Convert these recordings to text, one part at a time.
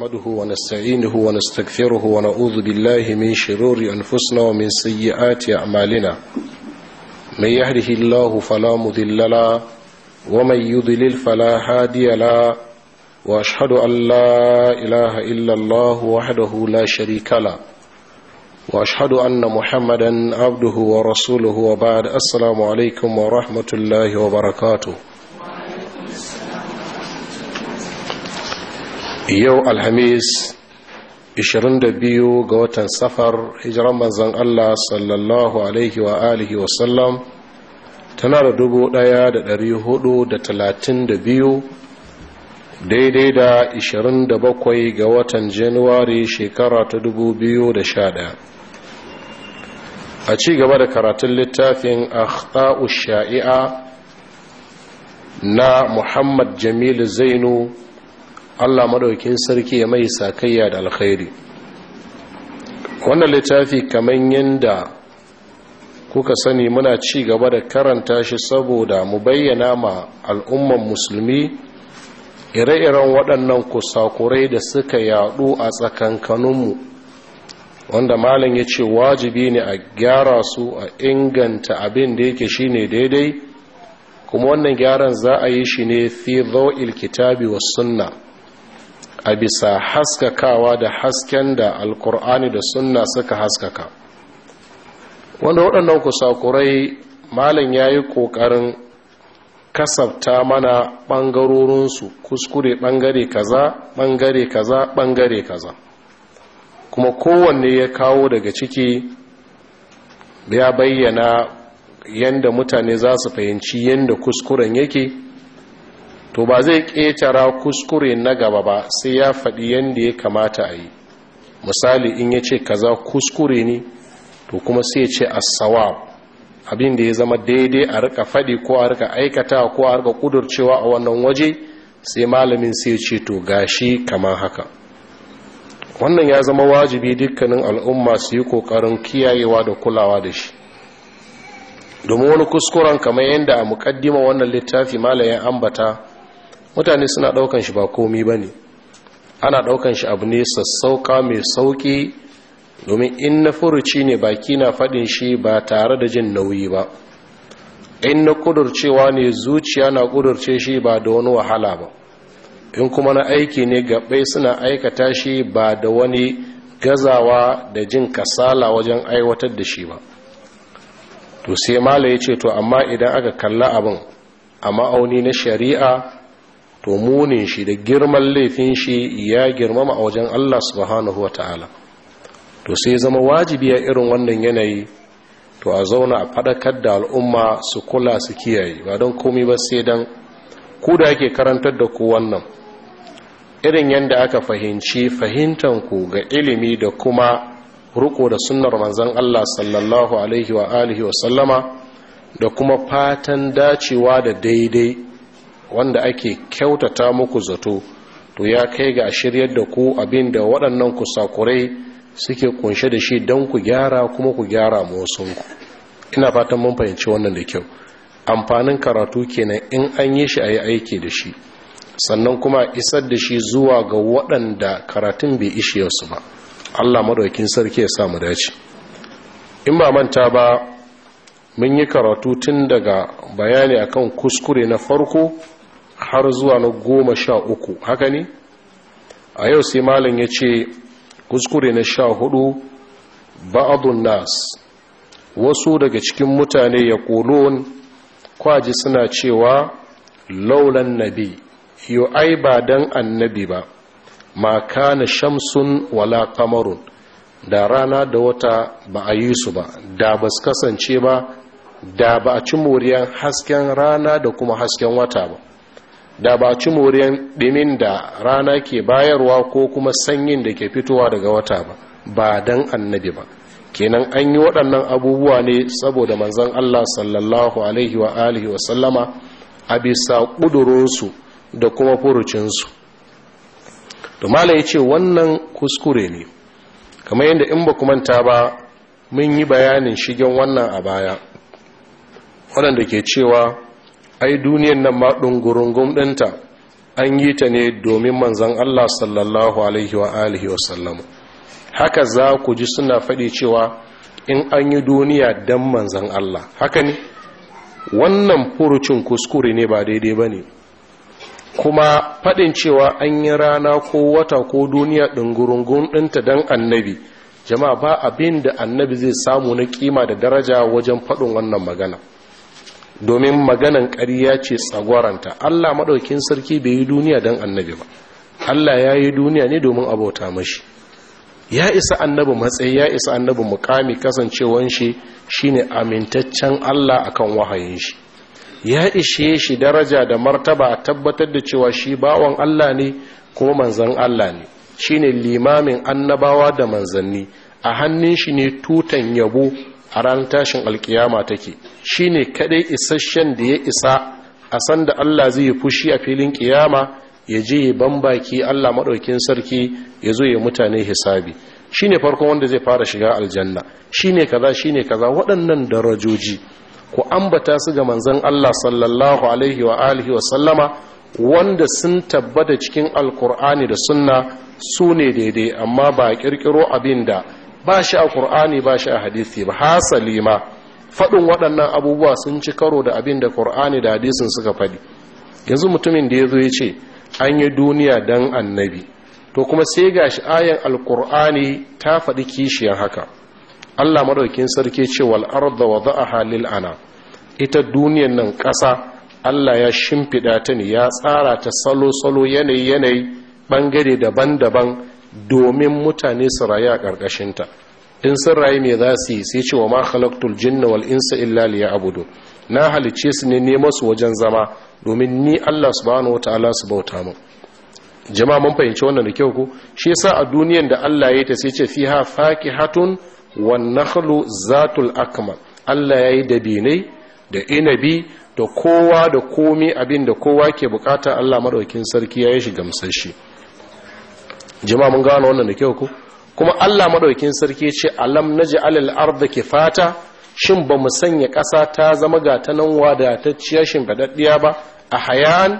نحمده ونستعينه ونستغفره ونعوذ بالله من شرور أنفسنا ومن سيئات أعمالنا من يهده الله فلا مذل له ومن يضلل فلا هادي له وأشهد أن لا إله إلا الله وحده لا شريك له وأشهد أن محمدا عبده ورسوله وبعد السلام عليكم ورحمة الله وبركاته yau alhamis 22 ga watan safar hijiran manzan Allah sallallahu alaihi wa alihi wa sallam tana da talatin biyu daidai da 27 ga watan januwari shekara ta da 2011 a ci gaba da karatun littafin akhtau sha'i'a na muhammad jamilu zainu Allah madaukin sarki ya mai sakayya da alkhairi wannan littafi kamar yanda kuka sani muna ci gaba da karanta shi saboda mu bayyana ma al'umman musulmi ire-iren waɗannan kusakurai da suka yaɗu a tsakankaninmu wanda malam ya ce wajibi ne a gyara su a inganta abin da yake shine daidai kuma wannan gyaran za a yi shi ne fi zo'il kitabi wa sunna a bisa haskakawa da hasken da alkur'ani da sunna suka haskaka wanda waɗannan kusakurai malam ya yi ƙoƙarin kasafta mana ɓangarorinsu kuskure ɓangare kaza ɓangare kaza ɓangare kaza kuma kowanne ya kawo daga ciki ya bayyana yadda mutane za su fahimci yadda kuskuren yake to ba zai ƙetara kuskure na gaba ba sai ya faɗi yadda ya kamata a yi misali in ya ce kaza kuskure ne to kuma sai ce asawa abin da ya zama daidai a rika faɗi ko a rika aikata ko a rika kudurcewa a wannan waje sai malamin sai ce to gashi kama haka wannan ya zama wajibi dukkanin al'umma su yi kokarin kiyayewa da kulawa da shi domin wani kuskuren kamar yadda a mukaddima wannan littafi ya ambata mutane suna daukan shi ba komi ba ne ana daukan shi abu ne sassauka mai sauki domin in na furuci ne baki na faɗin shi ba tare da jin nauyi ba in na kudurcewa ne zuciya na kudurce shi ba da wani wahala ba in kuma na aiki ne gabai suna aikata shi ba da wani gazawa da jin kasala wajen aiwatar da shi ba to sai mala ya ce to amma idan aka kalla abin a ma'auni na shari'a to munin shi da girman laifin shi ya girmama a wajen Allah subhanahu wa ta'ala to sai zama wajibi ya irin wannan yanayi to a zauna a fadakar da al'umma su kula su kiyaye ba don komai ba sai don ku da ake karantar da ku wannan irin yadda aka fahimci fahimtan ku ga ilimi da kuma ruko da sunnar manzon Allah sallallahu alaihi wa alihi wa sallama da kuma fatan dacewa da daidai wanda ake kyautata muku zato to ya kai ga shiryar da ku abin da waɗannan kusakurai suke kunshe da shi don ku gyara kuma ku gyara wasunku ina fatan mun fahimci wannan da kyau amfanin karatu kenan in an yi shi a yi aiki da shi sannan kuma isar da shi zuwa ga waɗanda karatun bai ishe su ba allah maɗaukin sarki ya sa mu dace in ba manta ba mun yi karatu tun daga bayani akan kuskure na farko har zuwa na goma sha uku haka ne a yau sai malam ya ce kuskure na sha hudu ba'adun nas wasu daga cikin mutane ya kolon kwaji suna cewa laulan nabi yau ai ba don annabi ba ma na shamsun wala kamarun da rana da wata ba a yi su ba da ba su kasance ba da ba a ci moriyar hasken rana da kuma hasken wata ba da ba ci moriyar ɗimin da rana ke bayarwa ko kuma sanyin da ke fitowa daga wata ba ba don annabi ba kenan an yi waɗannan abubuwa ne saboda manzan Allah sallallahu alaihi wa alihi wa a bisa ƙudurinsu da kuma furucinsu dumala ya ce wannan kuskure ne kamar yadda in ba manta ba mun yi bayanin shigen wannan a baya waɗanda ke cewa ai duniyan nan ma ɗungurungun ɗinta an yi ta ne domin manzan Allah sallallahu alaihi wa alihi wa sallam haka za ku ji suna faɗi cewa in an yi duniya don manzan Allah haka ne wannan furucin kuskure ne ba daidai ba ne kuma faɗin cewa an yi rana ko wata ko duniya ɗungurungun ɗinta don annabi jama'a ba abin da annabi zai samu na kima da daraja wajen faɗin wannan magana domin maganan ƙarya ce tsagwaranta Allah maɗaukin sarki bai yi duniya don annabi ba Allah ya yi duniya ne domin abota mashi ya isa annabi matsayi ya isa annabi mukami kasancewan shi shine amintaccen Allah kan wahayin shi ya ishe shi daraja da martaba a tabbatar da cewa shi bawan Allah ne kuma manzan Allah ne shine limamin annabawa da manzanni a hannun shi ne tutan yabo a ran tashin alkiyama take Shi ne kadai isasshen da ya isa a sanda Allah zai yi fushi a filin kiyama ya je ya bambaki Allah maɗaukin sarki ya zo ya mutane hisabi Shi ne farko wanda zai fara shiga aljanna shine kaza shine kaza waɗannan darajoji ku ambata su ga manzan Allah sallallahu alaihi wa alihi wa sallama wanda sun tabbata cikin alkur'ani da sunna su ne daidai amma ba ƙirƙiro abin da ba shi a ƙurani ba shi a hadisi ba hasali ma faɗin waɗannan abubuwa sun ci karo da abin da ƙur'ani da hadisin suka faɗi yanzu mutumin da ya zo ya ce an yi duniya don annabi to kuma sai ga shi ayan alƙur'ani ta faɗi kishiyar haka allah maɗaukin sarki ce wal arda wa a halil ana ita duniyan nan ƙasa allah ya shimfiɗa ta ne ya tsara ta salo-salo yanayi-yanayi ɓangare daban-daban domin mutane su raya ƙarƙashinta in sun rayu me za su yi sai ce wa ma halaktul jinna wal insa illa abudu na halicce su ne neman su wajen zama domin ni Allah subhanahu Allah su bauta mu jama'a mun fahimci wannan da kyau ko shi yasa a duniyan da Allah ya ta sai ce fiha faqihatun wan nakhlu zatul akmal Allah yayi dabinai da inabi da kowa da komi abin da kowa ke bukata Allah madaukin sarki ya yi shi gamsar shi jama'a mun gano wannan da kyau ko kuma Allah madaukin sarki ce alam naj'al alal arziki kifata shin ba mu sanya ƙasa ta zama gatanan wadatacciya gadaddiya ba a hayan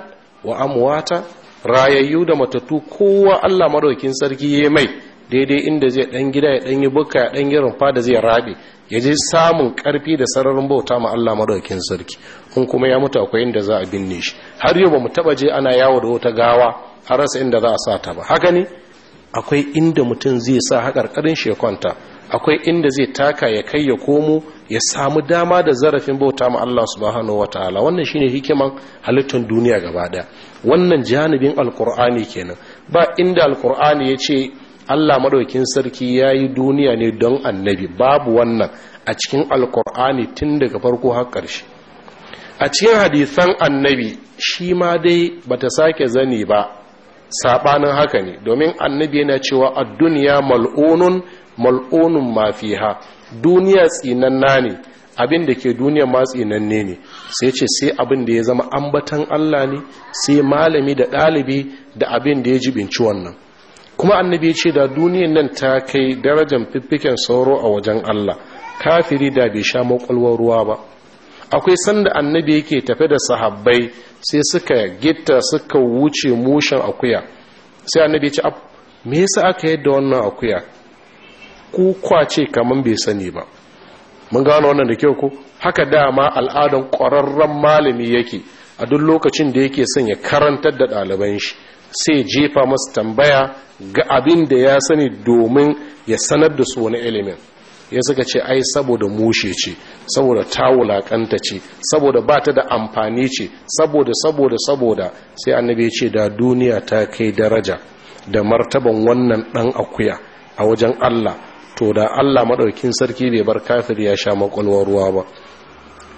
wa amwata rayayyu da matatu kowa Allah madaukin sarki ya mai daidai inda zai dan gida ya dan yi bukka ya dan yi rumfa da zai rabe ya je samun karfi da sararin bauta ma Allah madaukin sarki in kuma ya mutu akwai inda za a binne shi har yau ba mu taba je ana yawo da wata gawa har rasa inda za a sa ta ba haka ne akwai inda mutum zai sa haƙarƙarin ƙarin ya akwai inda zai taka ya kai ya komo ya samu dama da zarafin bauta ma Allah subhanahu wataala wannan shine hikiman halittar duniya gaba daya wannan janibin alkur'ani kenan ba inda alkur'ani ya ce Allah madaukin sarki ya yi duniya ne don annabi babu wannan a cikin alkur'ani tun daga farko har ƙarshe a cikin hadisan annabi shi ma dai bata sake zani ba sabanin haka ne domin annabi yana cewa ad-dunya mal'unun mal'unun ma fiha duniya tsinanna ne abin da ke duniya ma tsinanne ne sai ce sai abin da ya zama ambatan Allah ne sai malami da ɗalibi da abin da ya binci wannan kuma annabi ya ce da duniyan nan ta kai darajar fiffiken sauro a wajen Allah kafiri da bai sha makwalwar ruwa ba akwai sanda annabi yake tafe da sahabbai sai suka gitta suka wuce mushen akuya sai annabi ya ce me yasa aka yadda wannan akuya ku kwace kaman bai sani ba mun gano wannan da kyau ko haka dama al'adan ƙwararren malami yake a duk lokacin da yake son ya karantar da ɗaliban shi sai jefa masu tambaya ga abin da ya sani domin ya sanar da su wani ilimin ya suka ce ai saboda mushe ce saboda ta wulakanta ce saboda ba ta da amfani ce saboda saboda saboda sai annabi ya ce da duniya ta kai daraja da martaban wannan dan akuya a wajen Allah to da Allah madaukin sarki bai bar kafir ya sha makwalwar ruwa ba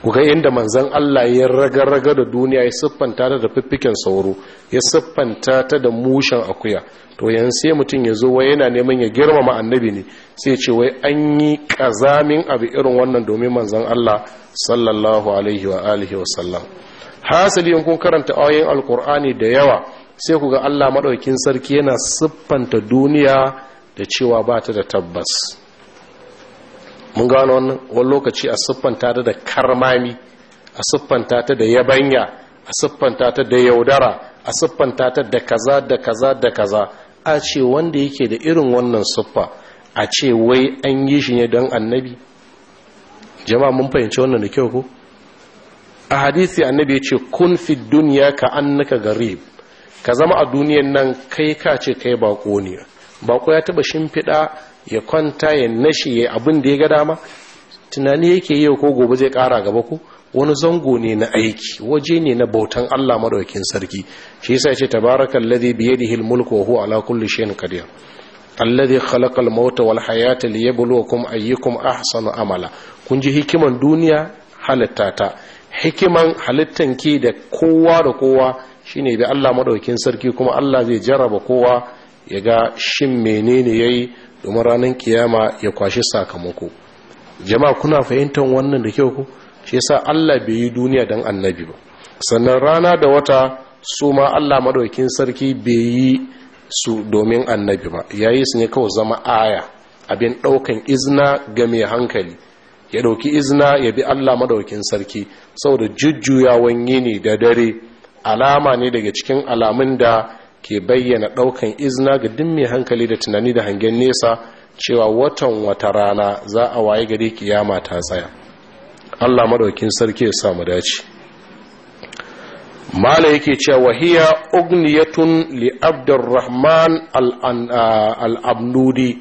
ku ga inda manzan Allah ya raga-raga da duniya ya siffanta ta da fiffiken sauro ya siffanta ta da mushen akuya to yanzu sai mutum ya zo wai yana neman ya girmama annabi ne sai ce wai an yi kazamin abu irin wannan domin manzan Allah sallallahu alaihi wa alihi wa sallam hasali kun karanta ayoyin alkur'ani da yawa sai ku ga Allah madaukin sarki yana siffanta duniya da cewa ba ta da tabbas mun gano wannan wani lokaci a siffanta ta da karmami a siffanta ta da yabanya a siffanta ta da yaudara a siffanta ta da kaza da kaza da kaza a ce wanda yake da irin wannan siffa a ce wai an yi shi ne don annabi jama'a mun fahimci wannan da kyau ko a hadisi annabi ya ce kun fi duniya ka annaka gari. ka zama a duniyan nan kai ka ce kai bako ne bako ya taba shimfiɗa ya kwanta ya nashi ya abin da ya ga dama tunani yake yau ko gobe zai kara gaba ku wani zango ne na aiki waje ne na bautan Allah madaukakin sarki shi yasa yace tabarakal ladhi bi yadihi al mulku wa huwa ala kulli shay'in qadir alladhi khalaqa al mauta wal hayata liyabluwakum ayyukum ahsanu amala kun ji hikiman duniya halitta ta hikiman halittan ki da kowa da kowa shine bi Allah madaukakin sarki kuma Allah zai jaraba kowa ya ga shin menene yayi domin ranar kiyama ya kwashi sakamako jama'a kuna fahimtar wannan da kyau ku shi yasa Allah bai yi duniya dan annabi ba sannan rana da wata su ma Allah madaukin sarki bai yi su domin annabi ba yayi su ne kawai zama aya abin daukan izna ga mai hankali ya dauki izna ya bi Allah madaukin sarki saboda jujjuyawan yini da dare alama ne daga cikin alamun da ke bayyana ɗaukan izina ga duk mai hankali da tunani da hangen nesa cewa watan wata rana za a waye gari kiyama ta tsaya Allah madaukin sarki ya samu dace mala yake cewa wahiya ugniyatun li abdurrahman al-abnudi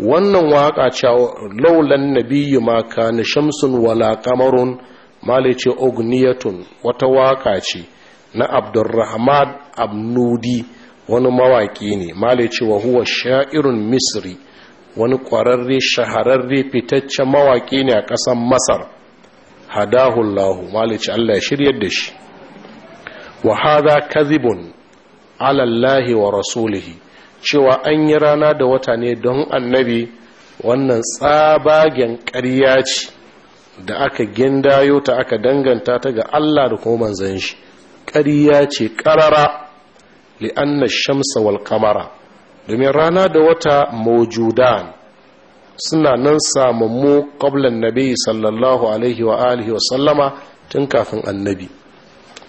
wannan waka cewa laulan nabiyyu ma kana shamsun wala qamarun mala yace ugniyatun wata waka ce na abdurrahman abnudi wani mawaki ne male cewa huwa sha'irun misri wani kwararre shahararre fitaccen mawaki ne a ƙasan masar hadahullahu male ce allah shirya da shi wa haza kazibun alallahi wa rasulihi cewa an yi rana da wata ne don annabi wannan tsabagen ƙarya ce da aka gindayo ta aka danganta ta ga allah da kuma manzan shi Ƙariya ce ƙarara li'anna shamsa wal kamara domin rana da wata maujudan suna nan samammu ƙoblan nabi sallallahu alaihi wa alihi wa sallama tun kafin annabi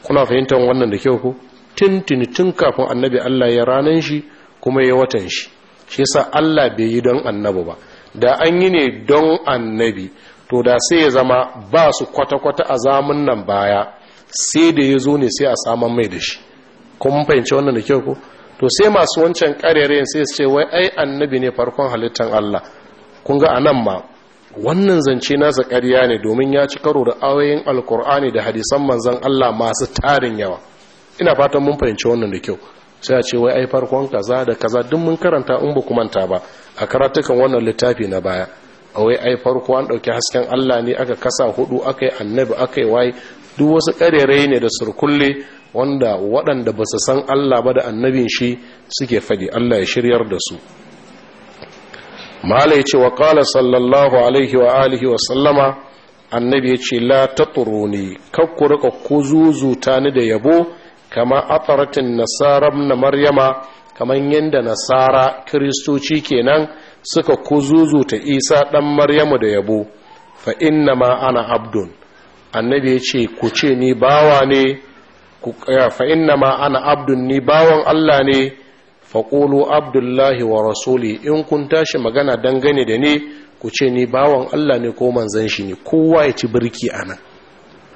kuna fahimtar wannan da kyau ku tuntuni tun kafin annabi allah ya ranan shi kuma ya watan shi shi yasa allah bai yi don annabi ba da an yi ne don annabi to da sai ya zama ba su kwata-kwata a zamun nan baya sai da ya zo ne sai a saman mai da shi kuma fahimci wannan da kyau ko to sai masu wancan ƙarerayen sai su ce wai ai annabi ne farkon halittar Allah kun ga anan ma wannan zance nasa ƙarya ne domin ya ci karo da ayoyin alkur'ani da hadisan manzon Allah masu tarin yawa ina fatan mun fahimci wannan da kyau sai a ce wai ai farkon kaza da kaza duk mun karanta in ba ku manta ba a karatukan wannan littafi na baya A wai ai farko an ɗauki hasken Allah ne aka kasa hudu aka annabi aka yi waye duk wasu ƙarerai ne da surkulle wanda waɗanda ba su san Allah ba da annabin shi suke faɗi Allah ya shiryar da su malai ce wa ƙala sallallahu alaihi wa alihi wa sallama annabi ya ce la ta ne kakku rika ko ni da yabo kama afaratin nasara na maryama kamar yadda nasara kiristoci kenan suka ko ta isa ɗan maryamu da yabo fa inna ma ana abdun annabi ya ce ku ce ni bawa ne ku fa inna ma ana abdun ni bawan Allah ne faƙolo abdullahi wa rasuli in kun tashi magana dangane da ne ku ce ni bawan Allah ne ko manzan shi ne kowa ya ci birki a nan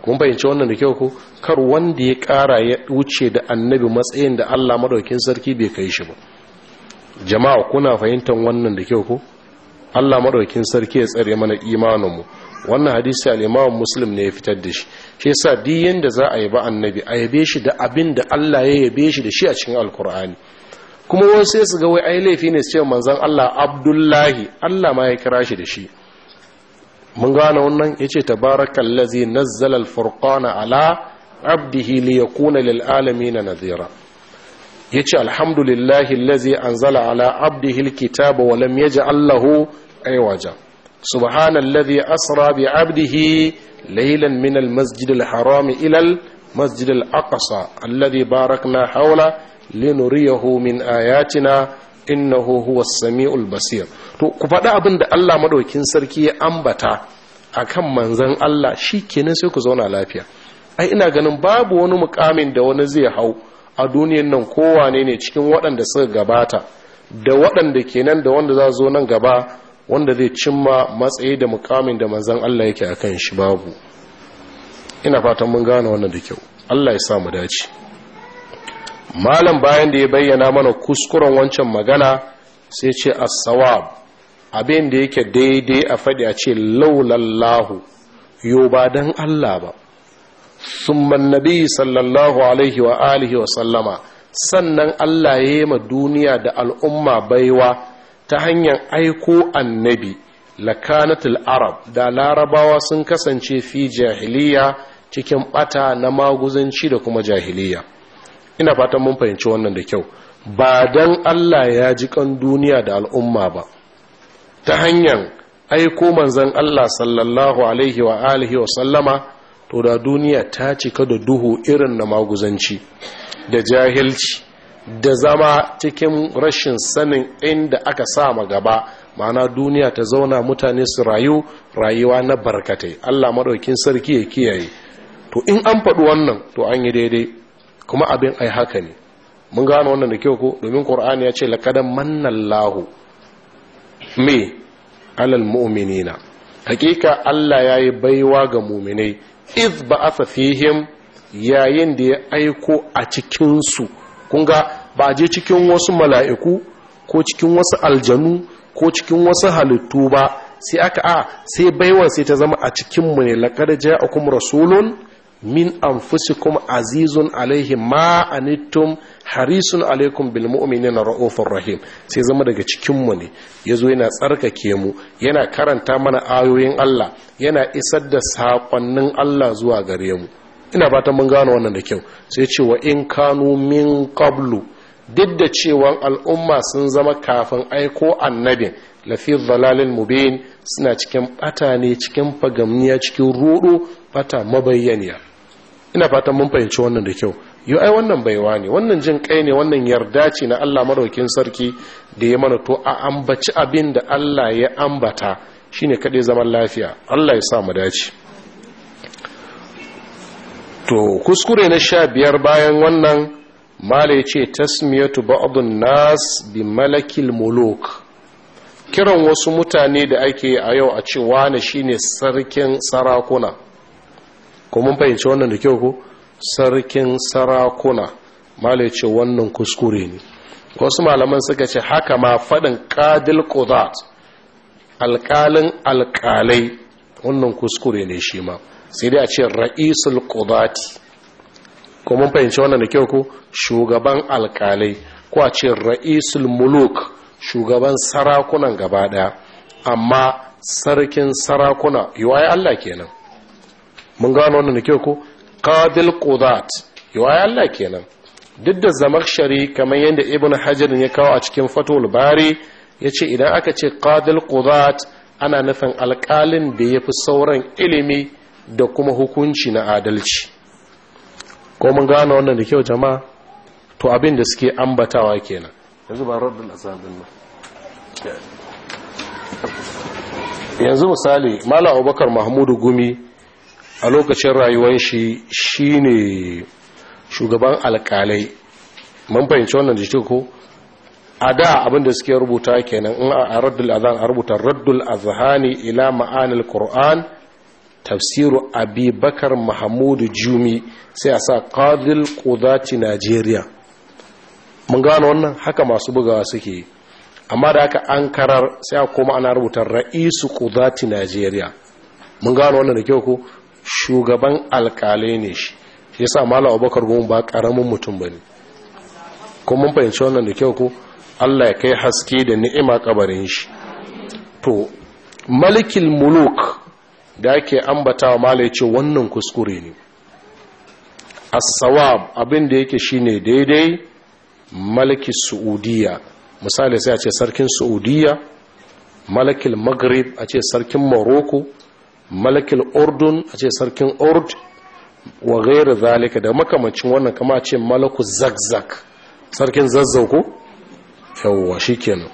kuma fahimci wannan da kyau ko kar wanda ya ƙara ya wuce da annabi matsayin da Allah madaukin sarki bai kai shi ba jama'a kuna fahimtar wannan da kyau ko Allah madaukin sarki ya tsare mana imaninmu wannan hadisi al muslim ne ya fitar da shi shi sa duk yanda za a yaba annabi a yabe shi da abin da Allah ya yabe shi da shi a cikin alkur'ani kuma wasu sai su ga wai ai laifi ne su ce manzan Allah Abdullahi Allah ma ya kira shi da shi mun gane wannan Ya yace tabarakan lazi al furkana ala abdihi yakuna lil alamin nadhira yace alhamdulillahi allazi anzala ala abdihi al-kitaba wa lam yaj'al lahu aywaja subhanallazi asra bi abdihi laylan min almasjid alharam ila almasjid alaqsa alladhi barakna hawla linuriyahu min ayatina innahu huwa samiul basir to ku faɗi abin da Allah madaukin sarki ya ambata akan manzon Allah shikenan sai ku zauna lafiya ai ina ganin babu wani mukamin da wani zai hau a duniyan nan kowane ne cikin waɗanda suka gabata da waɗanda kenan da wanda za zo nan gaba wanda zai cimma matsayi da mukamin da manzan Allah yake a kan shi babu ina fatan mun gane wannan da kyau Allah ya sa mu dace malam bayan da ya bayyana mana kuskuren wancan magana sai ce as-sawab abin da yake daidai a fadi a ce laulallahu yo ba dan Allah ba summa nabi sallallahu alaihi wa alihi wa sallama sannan Allah ya yi ma duniya da al'umma baiwa ta hanyar aiko annabi lakanatul arab da larabawa sun kasance fi jahiliya cikin bata na maguzanci da kuma jahiliya ina fatan mun fahimci wannan da kyau ba dan allah ya ji kan duniya da al'umma ba ta hanyar aiko manzan allah sallallahu alaihi wa alihi wa sallama to da duniya ta cika da duhu irin na maguzanci da jahilci da zama cikin rashin sanin inda aka sa ma gaba ma'ana duniya ta zauna mutane su rayu rayuwa na barkatai Allah maɗaukin sarki ya kiyaye to in an faɗi wannan to an yi daidai kuma abin ai haka ne mun gano wannan da kyau ko domin qur'ani ya ce mannan lahu me alal mu'minina hakika Allah ya yi baiwa ga mu'minai iz a fihim yayin da ya aiko a cikinsu su kun ga ba je cikin wasu mala'iku ko cikin wasu aljanu ko cikin wasu halittu ba sai aka a sai baiwar sai ta zama a cikinmu ne laƙar kuma rasulun min anfusikum azizun alaihim ma a nittum harisun alaikum bil na ra'ufur rahim sai zama daga cikinmu ne Ya zo yana tsarkake mu yana karanta mana ayoyin Allah yana isar da saƙonnin Allah zuwa gare mu ina fatan mun gano wannan da kyau sai ce wa in kanu min qablu duk da cewa al'umma sun zama kafin aiko annabin lafi zalalin mubin suna cikin bata ne cikin fagamniya cikin rudu bata mabayyaniya ina fatan mun fahimci wannan da kyau yau ai wannan baiwa ne wannan jin kai ne wannan yarda ce na Allah maraukin sarki da ya mana to a ambaci abin da Allah ya ambata shine kaɗai zaman lafiya Allah ya sa mu dace to kuskure na sha biyar bayan wannan mala ya ce tasmiyatu ba'adun nas bi malakil muluk kiran wasu mutane da ake a yau a ce wane shine sarkin sarakuna ko mun fahimci wannan da kyau ko sarkin sarakuna mala ya ce wannan kuskure ne wasu malaman suka ce haka ma faɗin kadil kudat alƙalin alƙalai wannan kuskure ne shi ma sai dai a ce ra'isul kudati ko mun fahimci wannan da kyau ko shugaban alkalai ko a ce ra'isul muluk shugaban sarakunan gaba daya amma sarkin sarakuna yiwaye Allah kenan mun gano wannan da kyau ko qadil qudat yiwaye Allah kenan duk da zamakshari kamar yadda ibn hajar ya kawo a cikin fatul bari ya ce idan aka ce qadil qudat ana nufin alkalin da ya fi sauran ilimi da kuma hukunci na adalci ko mun gano wannan da kyau jama'a to abin da suke ambatawa kenan yanzu ba raddul nan. yanzu misali malam abubakar mahmudu gumi a lokacin rayuwar shi shine shugaban alkalai mun fahimci wannan da shi ko a da abin da suke rubuta kenan in a raddul azhan a rubuta raddul azhani ila ma'anil qur'an tafsiru abi bakar mahamudu jumi sai a sa qadil kudaci najeriya mun gano wannan haka masu bugawa suke amma da haka an karar sai a koma ana rubuta ra'isu kudaci najeriya mun gano wannan da kyau ko shugaban alkalai ne shi shi yasa malam abubakar gomu ba karamin mutum bane kuma mun fahimci wannan da kyau ko Allah ya kai haske da ni'ima kabarin shi to malikil muluk da ake ambata wa mala ce wannan kuskure ne as-sawab abin da yake shine daidai maliki saudiya misali sai a ce sarkin saudiya malakil maghrib a ce sarkin morocco malakil urdun a ce sarkin urd wa gairu zalika da makamancin wannan kama a ce malaku zagzag sarkin zazzauko yawwa shikenan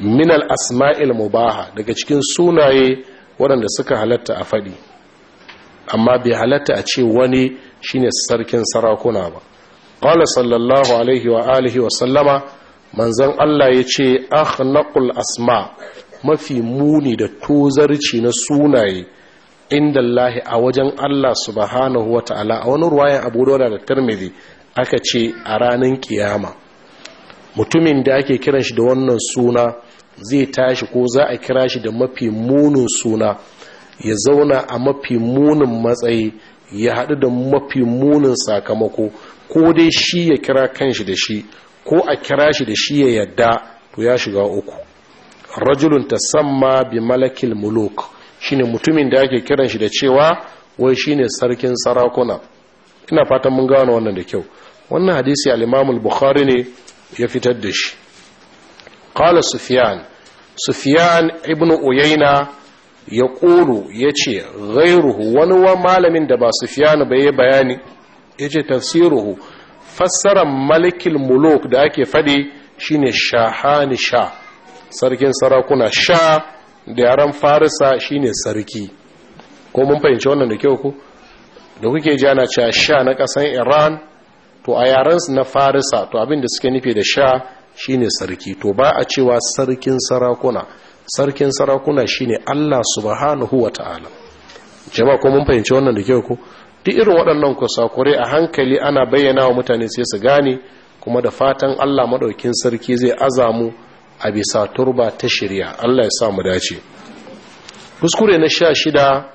min al-asma'il mubaha daga cikin sunaye waɗanda suka halatta a faɗi amma bai halatta a ce wani shine sarkin sarakuna ba qala sallallahu alaihi wa alihi wa sallama manzan Allah ya ce akhnaqul asma mafi muni da tozarci na sunaye inda Allah a wajen Allah subhanahu wa ta'ala a wani ruwayan Abu Dawud da Tirmidhi aka ce a ranar kiyama mutumin da ake kiran shi da wannan suna zai tashi ko za a kira shi da mafi munin suna ya zauna a mafi munin matsayi ya haɗu da mafi munin sakamako ko dai shi ya kira kanshi da shi ko a kira shi da shi ya yadda to ya shiga uku rajulun ta tasamma bi malakil muluk shine mutumin da ake kiran shi da cewa wai shine sarkin sarakuna ina fatan mun gano wannan da kyau wannan hadisi al al-Bukhari ne ya fitar da shi qala Sufiyan. sufiyan ibn uyaina ya ƙoro ya ce ghairuhu wani wa malamin da ba sufiyan ba ya bayani ya ce tafsiruhu fassarar malikil muluk da ake faɗi shine shahani sha sarkin sarakuna sha da yaren farisa shine sarki ko mun fahimci wannan da kyau ku da kuke ji ana cewa sha na ƙasan iran to a yarensu na farisa to abin da suke nufi da sha shine sarki to ba a cewa sarkin sarakuna sarkin sarakuna shine Allah subhanahu ta'ala jama'a ko mun fahimci wannan da kyau ko duk irin waɗannan kusakure a hankali ana bayyana wa mutane sai su gane kuma da fatan Allah madaukin sarki zai azamu a bisa turba ta shirya Allah ya sa mu dace kuskure na sha shida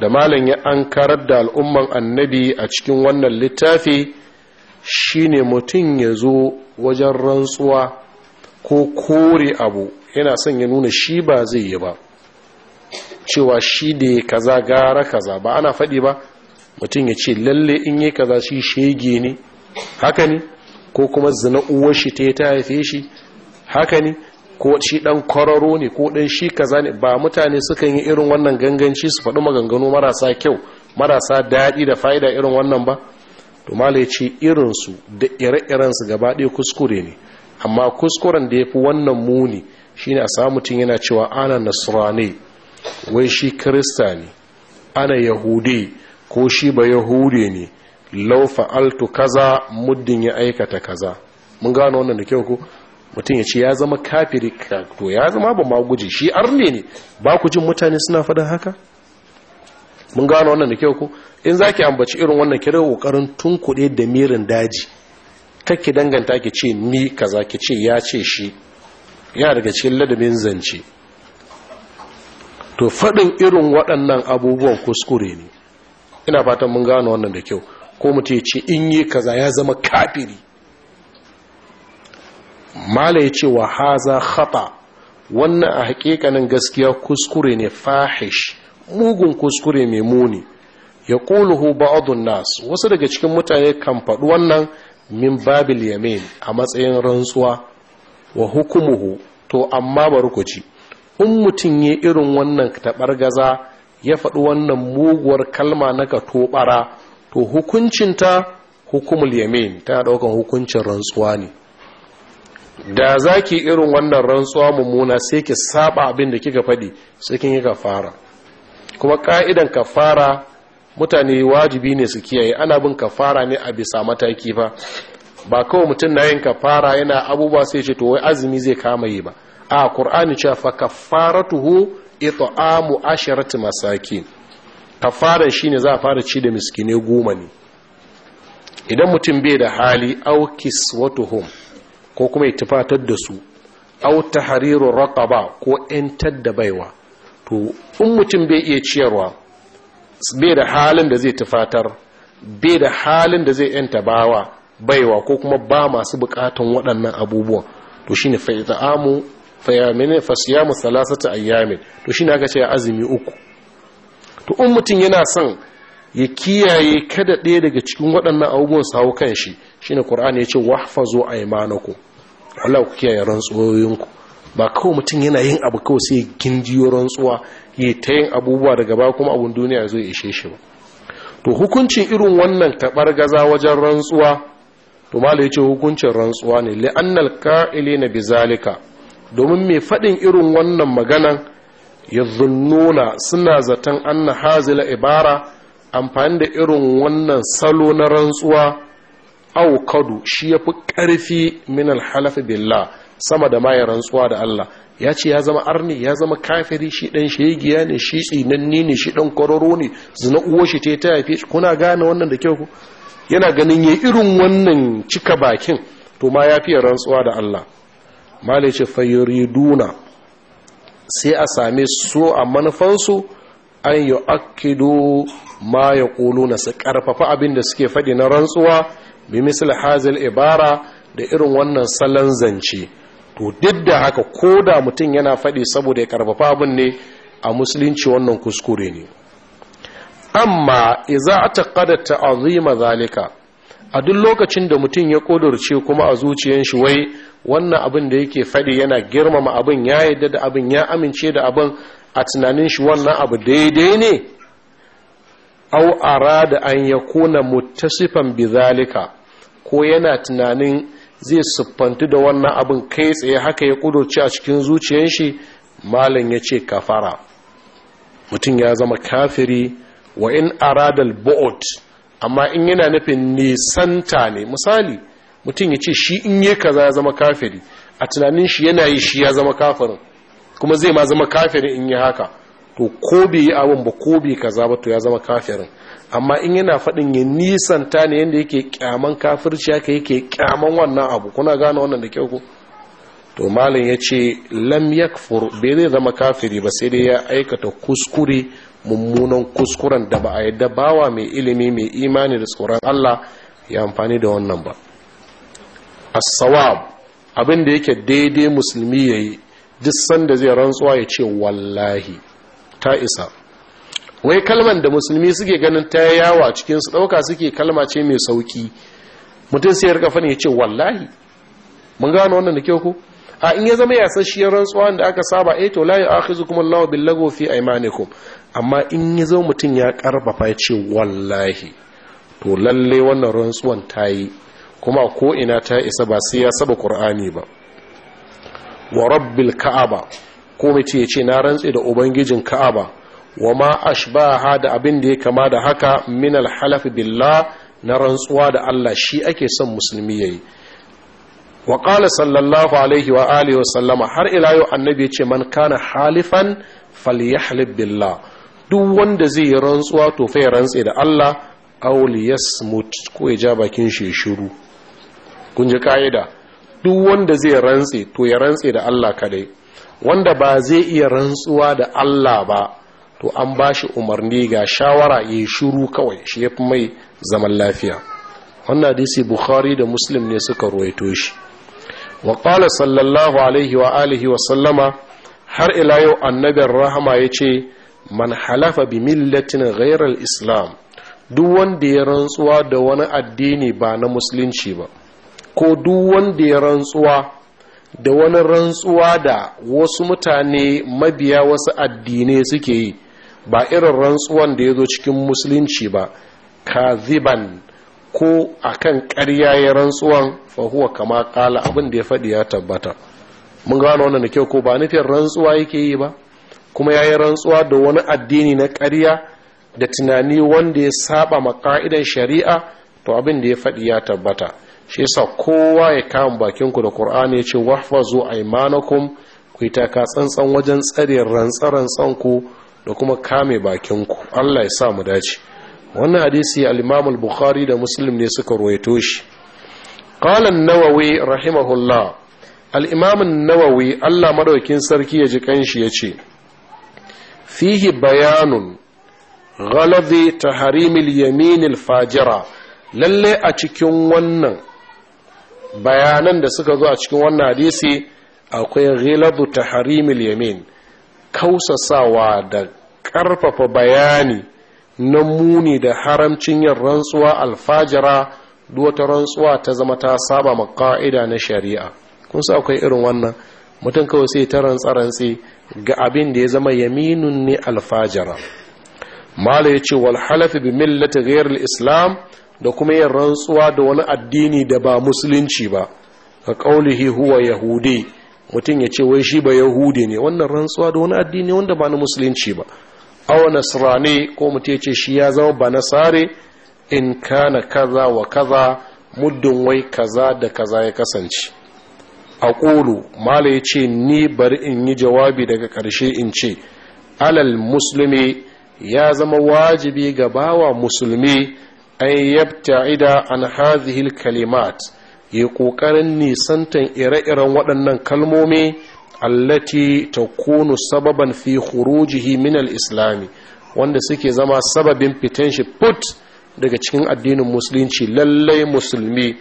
da malam ya ankarar da al'umman annabi a cikin wannan littafi shine mutum ya zo wajen rantsuwa ko kore abu yana son ya nuna shi ba zai yi ba cewa shi da ya kaza gara kaza ba ana faɗi ba mutum ya ce lalle in yi kaza shi shege ne haka ne ko kuma zina uwar shi ta ta haife shi haka ne ko shi dan kwararo ne ko dan shi kaza ne ba mutane sukan yi irin wannan ganganci su faɗi maganganu marasa kyau marasa daɗi da fa'ida irin wannan ba to ma ya ce irinsu da ire-irensu gaba ɗaya kuskure ne amma kuskuren da ya fi wannan muni shine a samu mutum yana cewa ana nasrani wai shi kirista ne ana yahudi ko shi ba yahudi ne laufa altu kaza muddin ya aikata kaza mun gano wannan da kyau ko mutum ya ce ya zama kafiri to ya zama ba ma guji shi arne ne ba ku jin mutane suna faɗin haka mun gano wannan da kyau ko in zaki ambaci irin wannan kira kokarin tunkuɗe da mirin daji ki danganta ki ce ni kaza ki ce ya ce shi yana daga cikin ladabin zance to faɗin irin waɗannan abubuwan kuskure ne ina fatan mun gano wannan da kyau ko mutum ce in yi kaza ya zama kafiri mala ya ce wa haza khata wannan a hakikanin gaskiya kuskure ne fahish mugun kuskure mai muni ya ƙuluhu ba'adun nas wasu daga cikin mutane kan faɗi wannan min babil yamin a matsayin rantsuwa wa hukumuhu to amma bari ku in mutum ya irin wannan taɓar-gaza, ya faɗi wannan muguwar kalma na ka toɓara to hukuncinta hukumul yamin tana ɗaukan hukuncin rantsuwa ne da za ki irin wannan rantsuwa mummuna sai ki saba abin da kika faɗi sai kin yi ka fara kuma ka'idan kafara mutane wajibi ne su kiyaye ana bin kafara ne a bisa mataki ba, ba kawai mutum na yin kafara yana abubuwa sai ce to wai azumi zai kama yi ba a kur'ani cewa fa kafaratuhu it'amu asharati fara shi shine za a fara ci da miskine goma ne idan mutum bai da hali au kiswatuhum ko kuma ya tufatar da su au tahriru raqaba ko 'yantar da baiwa to in mutum bai iya ciyarwa bai da halin da zai tufatar bai da halin da zai yanta bawa baiwa ko kuma ba masu bukatan waɗannan abubuwan to shine fa ita'amu fa yamin ayyamin to shine aka ce azumi uku to in mutum yana son ya kiyaye kada ɗaya daga cikin waɗannan abubuwan su hau kan shi shine qur'ani ya ce wahfazu aymanakum Allah ku kiyaye rantsuyoyinku. ba kawai mutum yana yin abu kawai sai gindiyo rantsuwa ya ta yin abubuwa daga ba kuma abun duniya ya zo ya ishe shi ba to hukuncin irin wannan taɓar gaza wajen rantsuwa to mala ya ce hukuncin rantsuwa ne li'annal ka'ile na bizalika domin mai faɗin irin wannan maganan ya zunnuna suna zaton anna hazila ibara amfani da irin wannan salo na rantsuwa au kadu shi ya fi ƙarfi min alhalafi billah sama da ma rantsuwa da Allah ya ce ya zama arni ya zama kafiri shi dan shegiya ne shi tsinanni ne shi dan kwararo ne zina uwa shi ta haife shi kuna gane wannan da kyau ku yana ganin yayi irin wannan cika bakin to ma ya fiye rantsuwa da Allah mali ce fayyuriduna sai a same su a manufansu an yi akido ma ya na su karfafa abin da suke faɗi na rantsuwa bi misal hazil ibara da irin wannan salon zance to duk da haka ko da mutum yana faɗi saboda ya karfafa abin ne a musulunci wannan kuskure ne amma iza a ta ta'azima zalika a duk lokacin da mutum ya ƙudurce kuma a zuciyar shi wai wannan abin da yake faɗi yana girmama abin ya yadda da abin ya amince da abin a tunanin shi wannan abu daidai ne au arada an ya kuna muttasifan bizalika ko yana tunanin zai siffanti da wannan abin kai tsaye haka ya kudurci a cikin zuciyar shi malam ya ce kafara mutum ya zama kafiri wa in aradal bu'ud amma in yana nufin nisanta ne misali mutum ya ce shi in yi kaza ya zama kafiri a tunanin shi yana yi shi ya zama kafirin kuma zai ma zama kafiri in yi haka to ko bai yi abin ba ko bai kaza ba to ya zama kafirin amma in yana faɗin ya nisanta ne yadda yake kyaman kafirci haka yake kyaman wannan abu kuna gane wannan da kyau ku to malam ya ce lam yakfur bai zai zama kafiri ba sai dai ya aikata kuskure mummunan kuskuren da ba a yadda bawa mai ilimi mai imani da tsoron Allah ya amfani da wannan ba as-sawab abin da yake daidai musulmi yayi duk sanda zai rantsuwa ya ce wallahi ta isa wai kalmar da musulmi suke ganin ta yawa cikin su ɗauka suke kalma ce mai sauki mutum sai ya rika fani ya ce wallahi mun gano wannan da kyau ko a in ya zama yasasshiyar rantsuwa da aka saba eh to la kuma Allahu bil lagwi fi aymanikum amma in ya zo mutum ya karfafa ya ce wallahi to lalle wannan rantsuwan ta yi kuma ko ina ta isa ba sai ya saba qur'ani ba wa rabbil ka'aba ko mace ya ce na rantse da ubangijin ka'aba wa ma ashbaha da abin da ya kama da haka min alhalafi billah na rantsuwa da Allah shi ake son musulmi yayi wa qala sallallahu alaihi wa alihi wa sallama har ila yau annabi ya ce man kana halifan falyahlib billah duk wanda zai yi rantsuwa to fa ya rantse da Allah aw liyasmut ko ya ja bakin shi shiru kun ji kaida duk wanda zai rantse to ya rantse da Allah kadai wanda ba zai iya rantsuwa da Allah ba to an ba shi umarni ga shawara ya yi shuru kawai shi ya fi mai zaman lafiya wannan hadisi bukhari da muslim ne suka ruwaito shi wa qala sallallahu alaihi wa alihi wa sallama har ila yau annabin rahama ya ce man halafa bi millatin ghairal islam duk wanda ya rantsuwa da wani addini ba na musulunci ba ko duk wanda ya rantsuwa da wani rantsuwa da wasu mutane mabiya wasu addinai suke yi ba irin rantsuwan da ya zo cikin musulunci ba kaziban ko a kan ƙarya ya rantsuwan fahuwa kama ƙala abin da ya faɗi ya tabbata mun gano wannan da kyau ko ba nufin rantsuwa yake yi ba kuma ya yi rantsuwa da wani addini na ƙarya da tunani wanda ya saba ma ƙa'idan shari'a to abin da ya faɗi ya tabbata shi yasa kowa ya kama ku da Kur'ani ya ce wahfazu aymanakum ku yi taka tsantsan wajen tsare rantsa-rantsan ku da kuma kame bakinku Allah ya sa mu dace wannan hadisi al-Imam al-Bukhari da Muslim ne suka ruwaito shi qala an-Nawawi rahimahullah al-Imam an-Nawawi Allah madaukin sarki ya ji kanshi ce? fihi bayanun ghaladi taharim al-yamin al-fajira lalle a cikin wannan bayanan da suka zo a cikin wannan hadisi akwai ghiladu taharim al-yamin kausasawa da ƙarfafa bayani na muni da haramcin yin rantsuwa alfajira wata rantsuwa ta zama ta saba ma ƙa'ida na shari'a kun sa akwai irin wannan mutum kawai sai ta rantsa-rantsi ga abin da ya zama yaminun ne alfajara. mala ya ce walhalafi bi millata ghairul islam da kuma yin rantsuwa da wani addini da ba musulunci ba ka kaulihi huwa yahudi mutum ya ce wai shi ba yahudi ne wannan rantsuwa da wani addini wanda ba na musulunci ba awa ne ko mutum ya ce shi ya zama ba nasare in kana kaza wa kaza muddin wai kaza da kaza ya kasance a ƙulu mala ya ce ni bari in yi jawabi daga ƙarshe in ce alal musulmi ya zama wajibi ga bawa musulmi an yabta'ida an hadhihi kalimat ya ƙoƙarin nisantan ire-iren waɗannan kalmomi allati ta kunu sababan fi hurujihi min islami wanda suke zama sababin fitan shi put daga cikin addinin musulunci lallai musulmi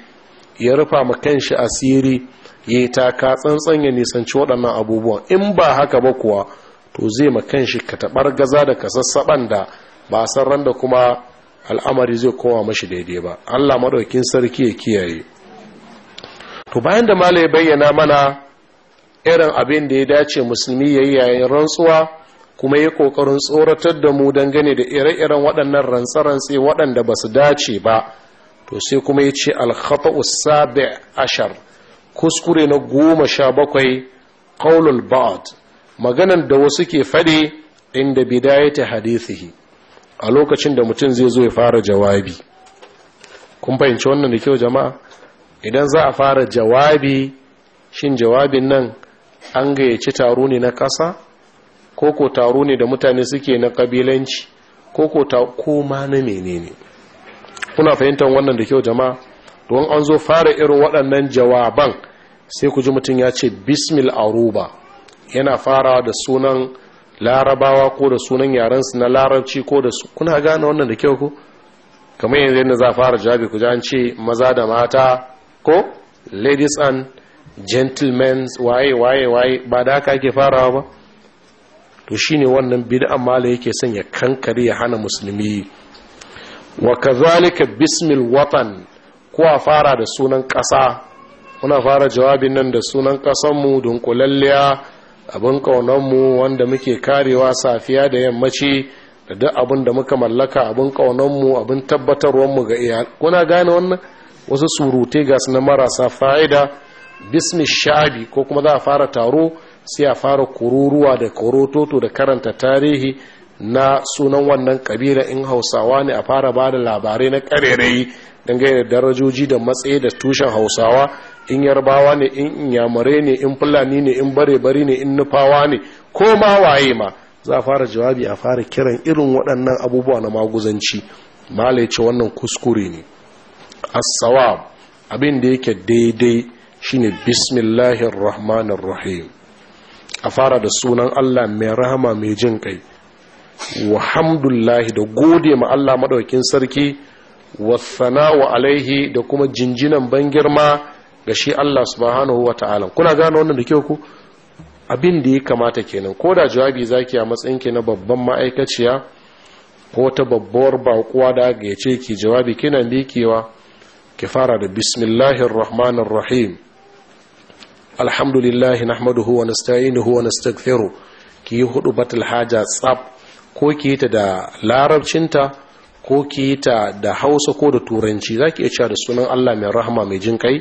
ya rufa ma shi asiri ya yi taka tsantsan ya nisanci waɗannan abubuwan in ba haka ba kuwa to zai ma kanshi ka taɓar gaza da ka kasassaɓan da ba san ran da kuma al'amari zai kowa mashi daidai ba allah maɗaukin sarki ya kiyaye to bayan da malai bayyana mana irin abin da ya dace musulmi ya yi yayin rantsuwa kuma ya kokarin tsoratar da mu dangane da ire-iren waɗannan rantse-rantse waɗanda ba su dace ba to sai kuma ya ce alkhata usabi ashar kuskure na goma sha bakwai qaulul ba'ad maganan da wasu ke faɗi inda ta hadithihi a lokacin da mutum zai zo ya fara jawabi kun fahimci wannan da kyau jama'a idan za a fara jawabi shin jawabin nan an gayyaci taro ne na ƙasa ko ko taro ne da mutane suke na kabilanci ko ko ta koma na menene kuna fahimtar wannan da kyau jama'a don an zo fara irin waɗannan jawaban sai ku ji mutum ya ce bismil aruba yana farawa da sunan larabawa ko da sunan yarensu na larabci ko da su kuna gane wannan da kyau ku kamar yanzu yadda za a fara jawabi ku ji an ce maza da mata ko ladies and gentlemen waye waye waye ba da haka ake farawa ba to shine wannan bid'an mala yake son ya kankari ya hana musulmi wa kazalika bismil watan ko a fara da sunan ƙasa muna fara jawabin nan da sunan ƙasanmu kulalliya abin kaunanmu wanda muke karewa safiya da yammaci da duk abin da muka mallaka abin kaunanmu abin tabbatarwanmu ga iya kuna gane wannan wasu surute ga su na marasa fa'ida bismi sha'abi ko kuma za a fara taro sai a fara kururuwa da korototo da karanta tarihi na sunan wannan kabila in hausawa ne a fara ba da labarai na karerai dangane da darajoji da matsayi da tushen hausawa in yarbawa ne in inyamurai ne in fulani ne in bare-bare ne in nufawa ne ko ma waye ma za a fara jawabi a fara kiran irin waɗannan abubuwa na maguzanci malai ce wannan kuskure ne as-sawab abin da yake daidai shine bismillahir rahmanir rahim a fara da sunan Allah mai rahama mai jin kai wa da gode ma Allah madaukin sarki wa thana'u alaihi da kuma jinjinan ban girma ga shi Allah subhanahu wata'ala kuna gane wannan da kyau ku abin da ya kamata kenan ko da jawabi zaki a matsayin ki na babban ma'aikaciya ko ta babbar bakuwa da ga yace ki jawabi kina bikewa ki fara da bismillahir rahmanir rahim alhamdulillahi nahmaduhu wa nasta'inuhu wa nastaghfiruh ki yi hudu batul haja tsab ko ki yi ta da larabcinta ko ki yi ta da hausa ko da turanci zaki ki iya cewa da sunan allah mai rahama mai jin kai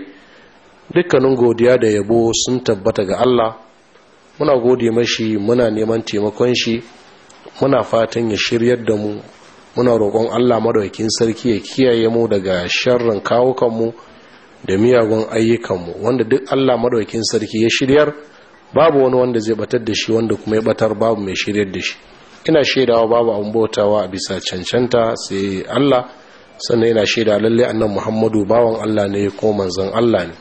dukkanin godiya da yabo sun tabbata ga allah muna gode mashi muna neman taimakon shi muna fatan ya shiryar da mu muna roƙon Allah madaukin sarki ya kiyaye mu daga sharrin kawukanmu da miyagun ayyukanmu wanda duk Allah madaukin sarki ya shiryar babu wani wanda zai batar da shi wanda kuma ya batar babu mai shiryar da shi ina shaidawa babu an bautawa a bisa cancanta sai Allah sannan ina shaida lalle annan Muhammadu bawan Allah ne ko manzon Allah ne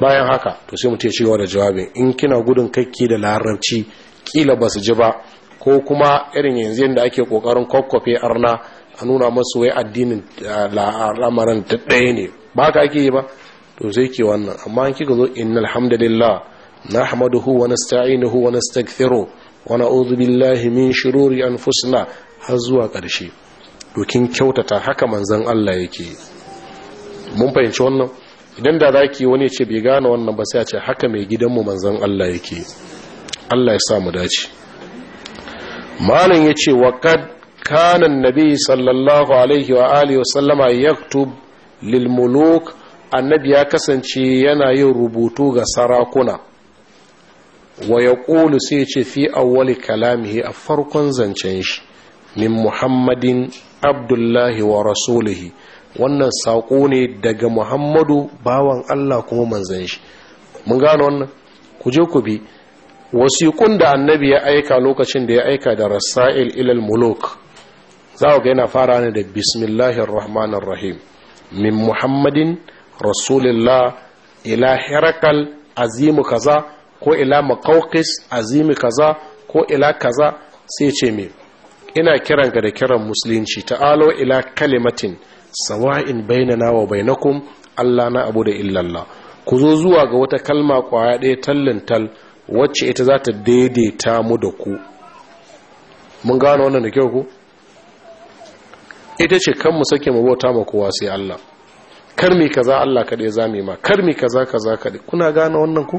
bayan haka to sai mutum ya ci gaba da jawabin in kina gudun kakki da larabci kila ba su ji ba ko kuma irin yanzu yadda ake kokarin kwakwafe arna a nuna masu wai addinin al'amarin ta ɗaya ne ba ka ake yi ba to sai ke wannan amma an kika zo inna alhamdulillah na hamaduhu wa nasta'inuhu wa nastaghfiru wani na'udhu billahi min an fusna. har zuwa ƙarshe dokin kyautata haka manzan Allah yake mun fahimci wannan idan da za zaki wani ce bai gane wannan ba sai a ce haka mai gidanmu manzan Allah yake Allah ya sa mu dace malam ya ce waƙad kanan nabi sallallahu alaihi wa alihi wasallama yaktub lilmuluk annabi ya kasance yana yin rubutu ga sarakuna wa ya ƙulu sai ce fi awwali kalamihi a farkon zancen shi min muhammadin abdullahi wa rasulihi wannan saƙo ne daga muhammadu bawan allah kuma manzan shi mun gano wannan ku je ku bi wasiƙun da annabi ya aika lokacin da ya aika da rasail ilal muluk za ga yana fara ne da bismillahir rahmanir rahim min muhammadin rasulillah ila herakal azimu kaza ko ila makaukis azimu kaza ko ila kaza sai ce me ina kiran ga da kiran musulunci ta'alo ila kalimatin sawa'in na wa bainakum Allah na abu da illallah ku zo zuwa ga wata kalma kwaya ɗaya tallin tal wacce ita za ta daidaita mu da ku mun gano wannan da kyau ku ita ce kan mu sake mu bauta ma kowa sai Allah kar mi kaza Allah kaɗai za mu ma kar mi kaza kaza kaɗai kuna gano wannan ku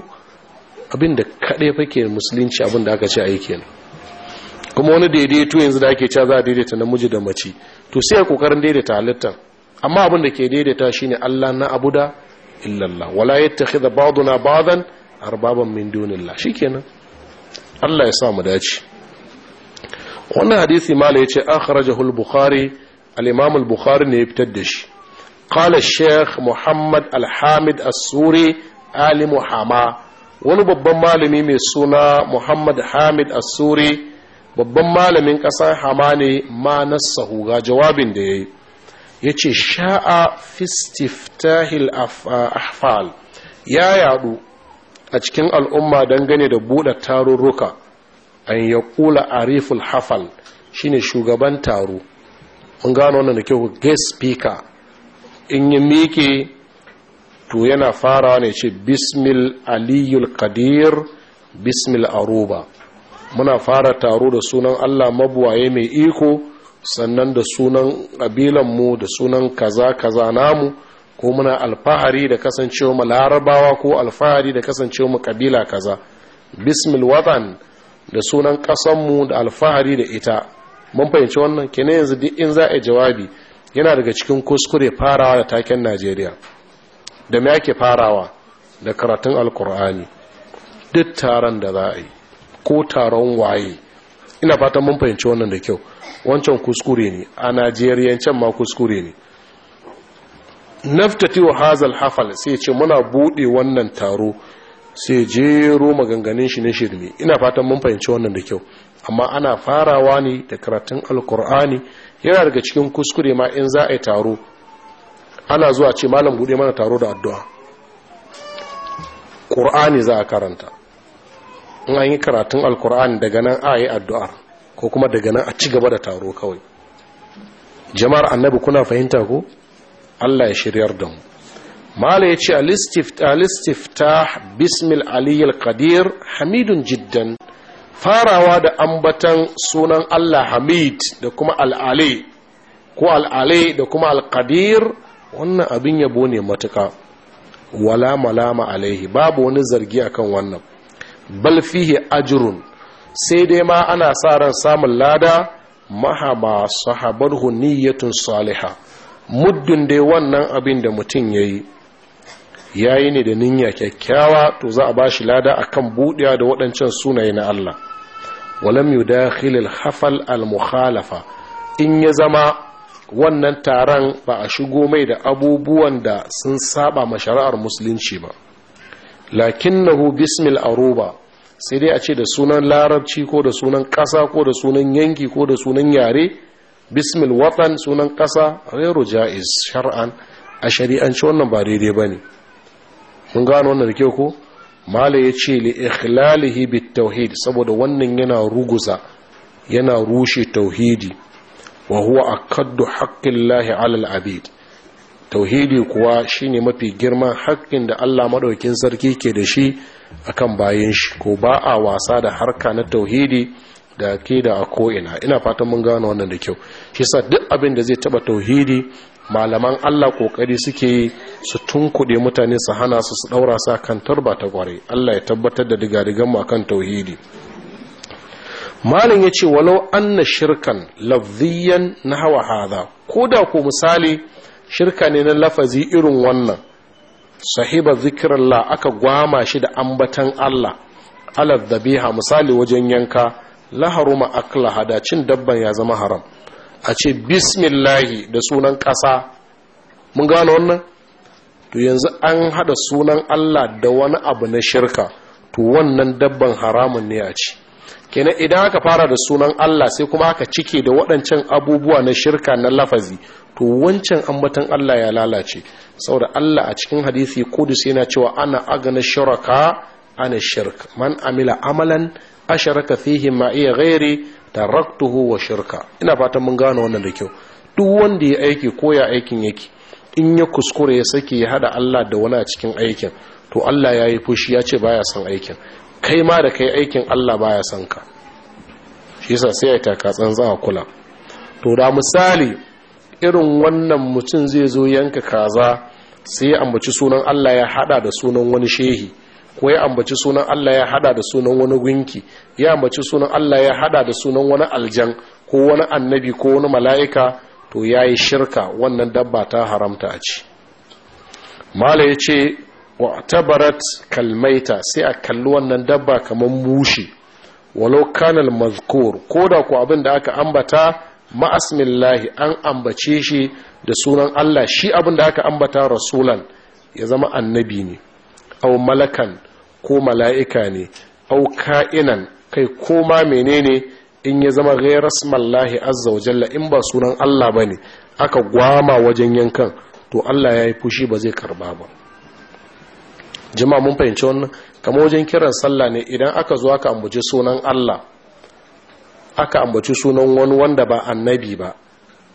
abin da kaɗai fake musulunci abin da aka ce aiki kenan kuma wani daidaito yanzu da ake cewa za a daidaita namiji da mace to sai a kokarin daidaita halittar amma abin da ke daidaita shine Allah na abuda illallah wala yattakhidha ba'duna ba'dan arbaban min shi shikenan Allah ya sa mu dace wannan hadisi mala yace akhrajahu al-bukhari al-imam al-bukhari ne ya fitar da shi qala shaykh muhammad al-hamid as-suri alimu hama wani babban malami mai suna muhammad hamid as-suri babban malamin ƙasar hama ne ma nasahu ga jawabin da yayi yace sha'a fi istiftahil afal ya yadu a cikin al'umma dangane da buɗe tarurruka an ya kula ariful hafal shine shugaban taro mun gano wannan da kyau guest speaker in yi miƙe to yana farawa ne ce bismil aliyul qadir bismil aruba muna fara taro da sunan allah mabuwaye mai iko sannan da sunan ƙabilanmu da sunan kaza kaza namu ko muna alfahari da kasancewa mu larabawa ko alfahari da kasancewa mu kabila kaza bismil watan da sunan kasanmu da alfahari da ita mun fahimci wannan kene yanzu duk in za a jawabi yana daga cikin kuskure farawa da taken najeriya da me ake farawa da karatun alkur'ani duk taron da za a yi ko taron waye ina fatan mun fahimci wannan da kyau wancan kuskure ne a Najeriya can ma kuskure ne naftati wa hazal hafal sai ce muna bude wannan taro sai jero maganganun shi ne shirme ina fatan mun fahimci wannan da kyau amma ana farawa ne da karatun alkur'ani yana daga cikin kuskure ma in za a yi taro ana zuwa ce malam bude mana taro da addu'a ƙur'ani za a karanta in an yi karatun alkur'ani daga nan a yi addu'a ko kuma daga nan a ci gaba da taro kawai jama'ar annabi kuna fahimta ko Allah ya shiryar da mu mala yace al alistiftah bismil aliyyil qadir hamidun jiddan farawa da ambatan sunan Allah hamid da kuma al ko al da kuma al-qadir wannan abin yabo ne matuka wala malama alaihi babu wani zargi akan wannan bal fihi ajrun sai dai ma ana sa ran samun lada mahama sahabar niyyatun salihah muddin dai wannan abin da mutum ya yi ya yi ne da ninya kyakkyawa to za a ba shi lada a kan buɗewa da waɗancan sunaye na Allah walam yu dakhilil hafal al-mukhalafa in ya zama wannan taron ba a shigo mai da abubuwan da sun saba ma shari'ar musulunci ba lakinnahu bismil aruba sai dai a ce da sunan larabci ko da sunan ƙasa ko da sunan yanki ko da sunan yare bismil watan sunan ƙasa rero ja'iz shar'an a shari'anci wannan ba daidai ba ne mun gano wannan da ke ko mala ya ce li ikhlalihi bit tauhid saboda wannan yana ruguza yana rushe tauhidi wa huwa akaddu lahi alal abid tauhidi kuwa shine mafi girman haƙƙin da Allah madaukin sarki ke da shi akan bayan shi ko ba a wasa da harka na tauhidi da ke da a ko'ina ina fatan mun gano wannan da kyau shi sa duk abin da zai taba tauhidi malaman Allah kokari suke yi su tunkuɗe mutane su hana su su ɗaura sa kan tarba ta kware Allah ya tabbatar da digadigan mu kan tauhidi malam ce walau anna shirkan lafziyan na hawa haza ko da misali shirka ne na lafazi irin wannan sahiba zikirallah aka gwama shi da ambatan Allah alal misali wajen yanka la haruma aklaha cin dabban ya zama haram a ce bismillahi da sunan ƙasa mun gano wannan to yanzu an hada sunan Allah da wani abu na shirka to wannan dabban haramun ne a ce kenan idan aka fara da sunan Allah sai kuma aka cike da waɗancan abubuwa na shirka na lafazi to wancan ambatan Allah ya lalace saboda Allah a cikin hadisi kudus yana cewa ana agana shiraka ana shirka man amila amalan asharaka fihi ma iya ghairi taraktuhu wa shirka ina fatan mun gane wannan da kyau duk wanda ya aiki ko ya aikin yake in ya kuskure ya sake ya hada Allah da wani a cikin aikin to Allah ya yi fushi ya ce baya son aikin kai ma da kai aikin Allah baya son ka shi yasa sai ai taka kula to da misali irin wannan mutum zai zo yanka kaza sai ya ambaci sunan Allah ya hada da sunan wani shehi ko ya ambaci sunan Allah ya hada da sunan wani gunki ya ambaci sunan Allah ya hada da sunan wani aljan ko wani annabi ko wani mala'ika to ya yi shirka wannan dabba ta haramta a ci mala ce wa tabarat kalmaita sai a kalli wannan dabba kamar mushi walau kanal mazkur ko da ku abin da aka ambata ma'asmillahi an ambace shi da sunan Allah shi abin da aka ambata rasulan ya zama annabi ne au malakan ko mala'ika ne au ka'inan kai koma menene in ya zama rairas mallahi azza wa jalla in ba sunan Allah ba ne aka gwama wajen yankan to Allah ya yi fushi ba zai karba ba jima mun fahimci wannan kama wajen kiran sallah ne idan aka zo aka ambaci sunan Allah aka ambaci sunan wani wanda ba annabi ba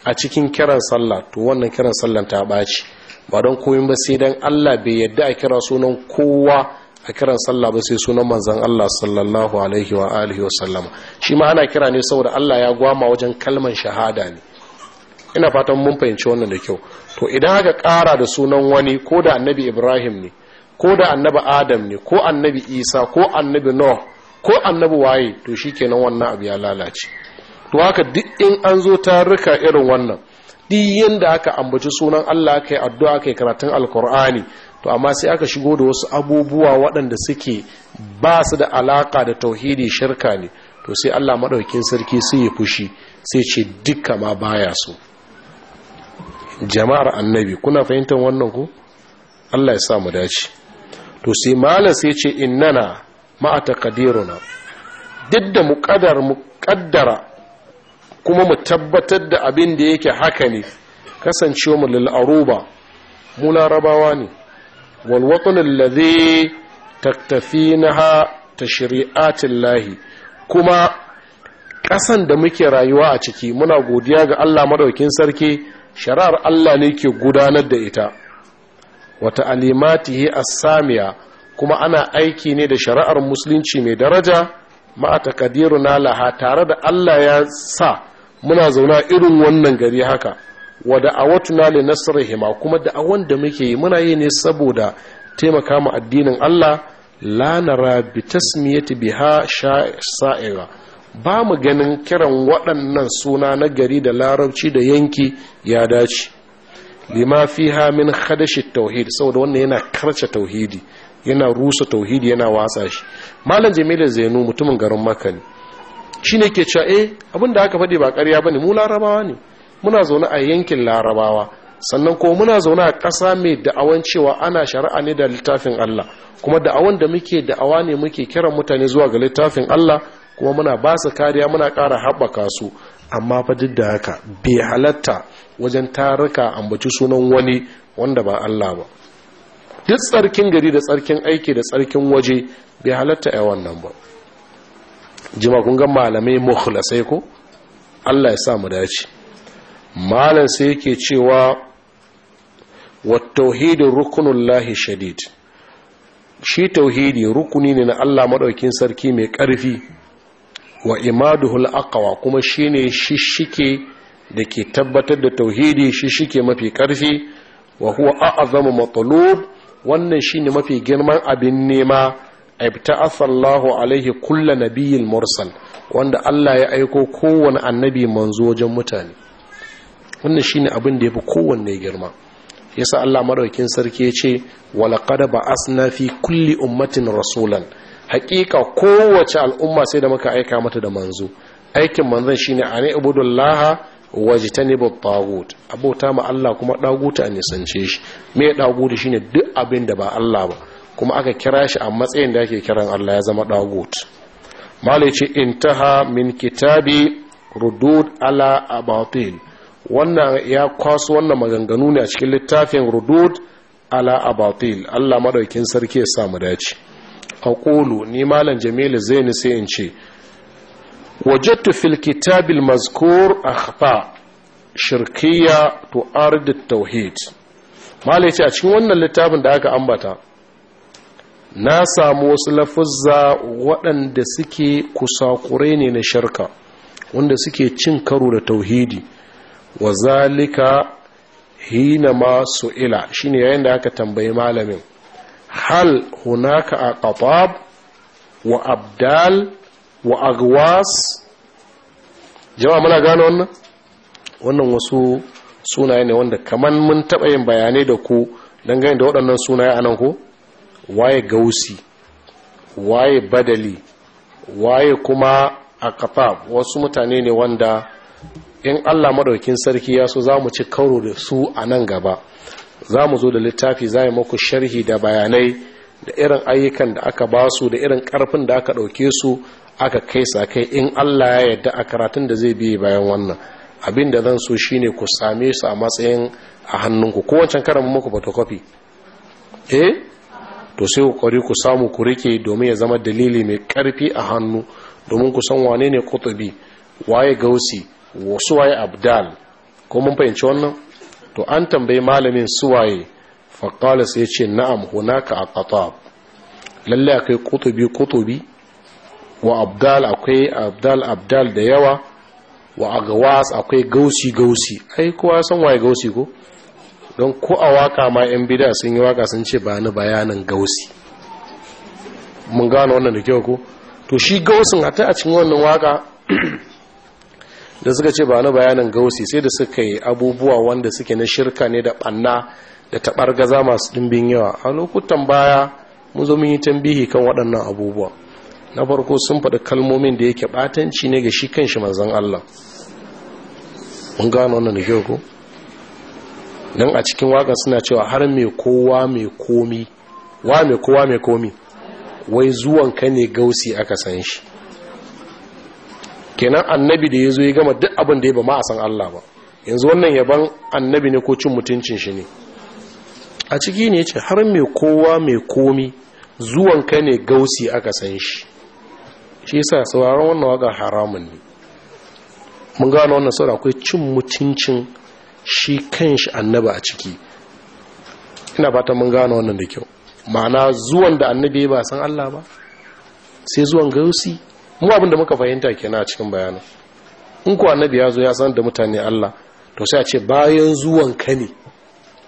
a cikin kiran sallah to wannan kiran sallan ta ɓaci ba don koyin ba sai dan Allah bai yadda a kira sunan kowa a kiran sallah ba sai sunan manzan Allah sallallahu alaihi wa alihi wa sallama shi ma ana kira ne saboda Allah ya gwama wajen kalman shahada ne ina fatan mun fahimci wannan da kyau to idan aka kara da sunan wani ko da annabi Ibrahim ne ko da annabi Adam ne ko annabi Isa ko annabi Nuh ko annabi waye to shi shikenan wannan abu ya lalace to haka duk in an zo tarika irin wannan duk yanda aka ambaci sunan Allah kai addu'a kai karatun alqur'ani to amma sai aka shigo da wasu abubuwa waɗanda suke ba su da alaƙa da tauhidi shirka ne to sai Allah maɗaukin sarki sai ya fushi sai ce dukka ma baya so jama'ar annabi kuna fahimtar wannan ku Allah ya sa mu dace to sai malam sai ce innana ma'a taqdiruna duk da mu kadar mu kaddara kuma mu tabbatar da abin da yake haka ne kasancewa mu lil'aruba mu larabawa ne والوطن الذي تكتفينها تشريعات الله كما ƙasan da muke rayuwa a ciki muna godiya ga Allah madaukin sarki shari'ar Allah ne ke gudanar da ita Wata alimatihi as-samiya kuma ana aiki ne da shari'ar musulunci mai daraja ma na laha tare da Allah ya sa muna zauna irin wannan gari haka wa da'awatuna li nasrihima kuma da'awan da muke yi muna yi ne saboda taimaka mu addinin Allah la nara bi tasmiyati biha sha'ira ba mu ganin kiran waɗannan suna na gari da larabci da yanki ya dace lima fiha min khadashi tauhid saboda wannan yana karce tauhidi yana rusa tauhidi yana watsa shi malam jamilu zainu mutumin garin Makani. ne shine ke cewa eh abinda aka faɗi ba ƙarya bane mu larabawa ne muna zaune a yankin larabawa sannan ko muna zaune a ƙasa mai da'awan cewa ana shari'a ne da littafin Allah kuma da'awan da muke da'awa ne muke kira mutane zuwa ga littafin Allah kuma muna ba su kariya muna ƙara haɓaka su amma fa duk da haka bai halatta wajen taruka ambaci sunan wani wanda ba Allah ba duk tsarkin gari da tsarkin aiki da tsarkin waje bai halatta a wannan ba jima kun ga malamai mukhlasai ko Allah ya sa mu dace malam sai yake cewa wattauhidin rukunin lahi shadid shi tauhidi rukuni ne na allah maɗaukin sarki mai ƙarfi wa imaduhul aqwa kuma shine shishike da ke tabbatar da tauhidi shishike mafi ƙarfi wa huwa a'azamu matalub wannan shine mafi girman abin nema asallahu alaihi kullu nabiyil mursal wanda Allah ya aiko kowane annabi manzo wajen mutane wannan shine abin da ya fi kowanne girma yasa Allah madaukakin sarki yace a ba'asna fi kulli ummatin rasulan hakika kowace al'umma sai da muka aika mata da manzo aikin manzon shine ani ibudullaha wajtanibu at-taghut abota ma Allah kuma daguta a nisance shi me shi shine duk abin da ba Allah ba kuma aka kira shi a matsayin da ake kiran Allah ya zama dagut malai ce intaha min kitabi rudud ala abatil wannan ya kwaso wannan maganganu ne a cikin littafin rudud ala abatil Allah madaukin sarki ya samu dace aqulu ni malam jamilu zaini sai in ce wajadtu fil kitabil mazkur akhfa shirkiya ard at-tauhid malai ce a cikin wannan littafin da aka ambata na samu wasu lafuzza waɗanda suke kusakurai ne na shirka wanda suke cin karo da tauhidi wa zalika hina ma su'ila shine yayin da aka tambayi malamin hal hunaka aqtab wa abdal wa agwas jama'a muna gano wannan wannan wasu sunaye ne wanda kaman mun taɓa yin bayanai da ku dangane da waɗannan sunaye anan ko waye gausi waye badali waye kuma akatab wasu mutane ne wanda in allah madaukin sarki ya so za mu ci kauro da su a nan gaba za mu zo da littafi za mu muku sharhi da bayanai da irin ayyukan da aka ba su da irin karfin da aka ɗauke su aka kai sa kai in allah ya yarda a karatun da zai biye bayan wannan abin da zan so shine ku same su a matsayin a hannunku ko wancan maku muku photocopy eh to sai ku kori ku samu ku rike domin ya zama dalili mai karfi a hannu domin ku san wane ne kutubi waye gausi suwaye abdal ko mun fahimci wannan to an tambayi malamin suwaye faƙalas sai ce na'am hunaka a ƙatab lallai akwai kutubi kutubi wa abdal akwai abdal abdal da yawa wa agawas akwai gausi gausi ai kowa san waye gausi ko don ko a waka ma yan bida sun yi waka sun ce ba ni bayanin gausi mun gano wannan da kyau ko to shi gausin hata a cikin wannan waka da suka ce ba na bayanin gausi sai da suka yi abubuwa wanda suke na shirka ne da banna da tabar gaza masu dimbin yawa a lokutan baya mun zo mun yi tambihi kan waɗannan abubuwa na farko sun faɗi kalmomin da yake ɓatanci ne ga shi kanshi manzon Allah mun gano wannan da ko dan a cikin waka suna cewa har me kowa mai komi wa me kowa me komi wai zuwan ka ne gausi aka san shi kenan annabi da ya zo ya gama duk abin da ya ba ma a san Allah ba yanzu wannan yaban annabi ne ko cin mutuncin shi ne a ciki ne ce har mai kowa mai komi zuwan ka ne gausi aka san shi shi sa sauraron wannan waka haramun ne mun gano wannan sauran akwai cin mutuncin shi kan shi annabi a ciki ina fata mun gano wannan da kyau ma'ana zuwan da annabi ba san Allah ba sai zuwan gausi mu abin da muka fahimta kenan a cikin bayanin in ku annabi ya zo ya san da mutane Allah to sai a ce bayan zuwan ka ne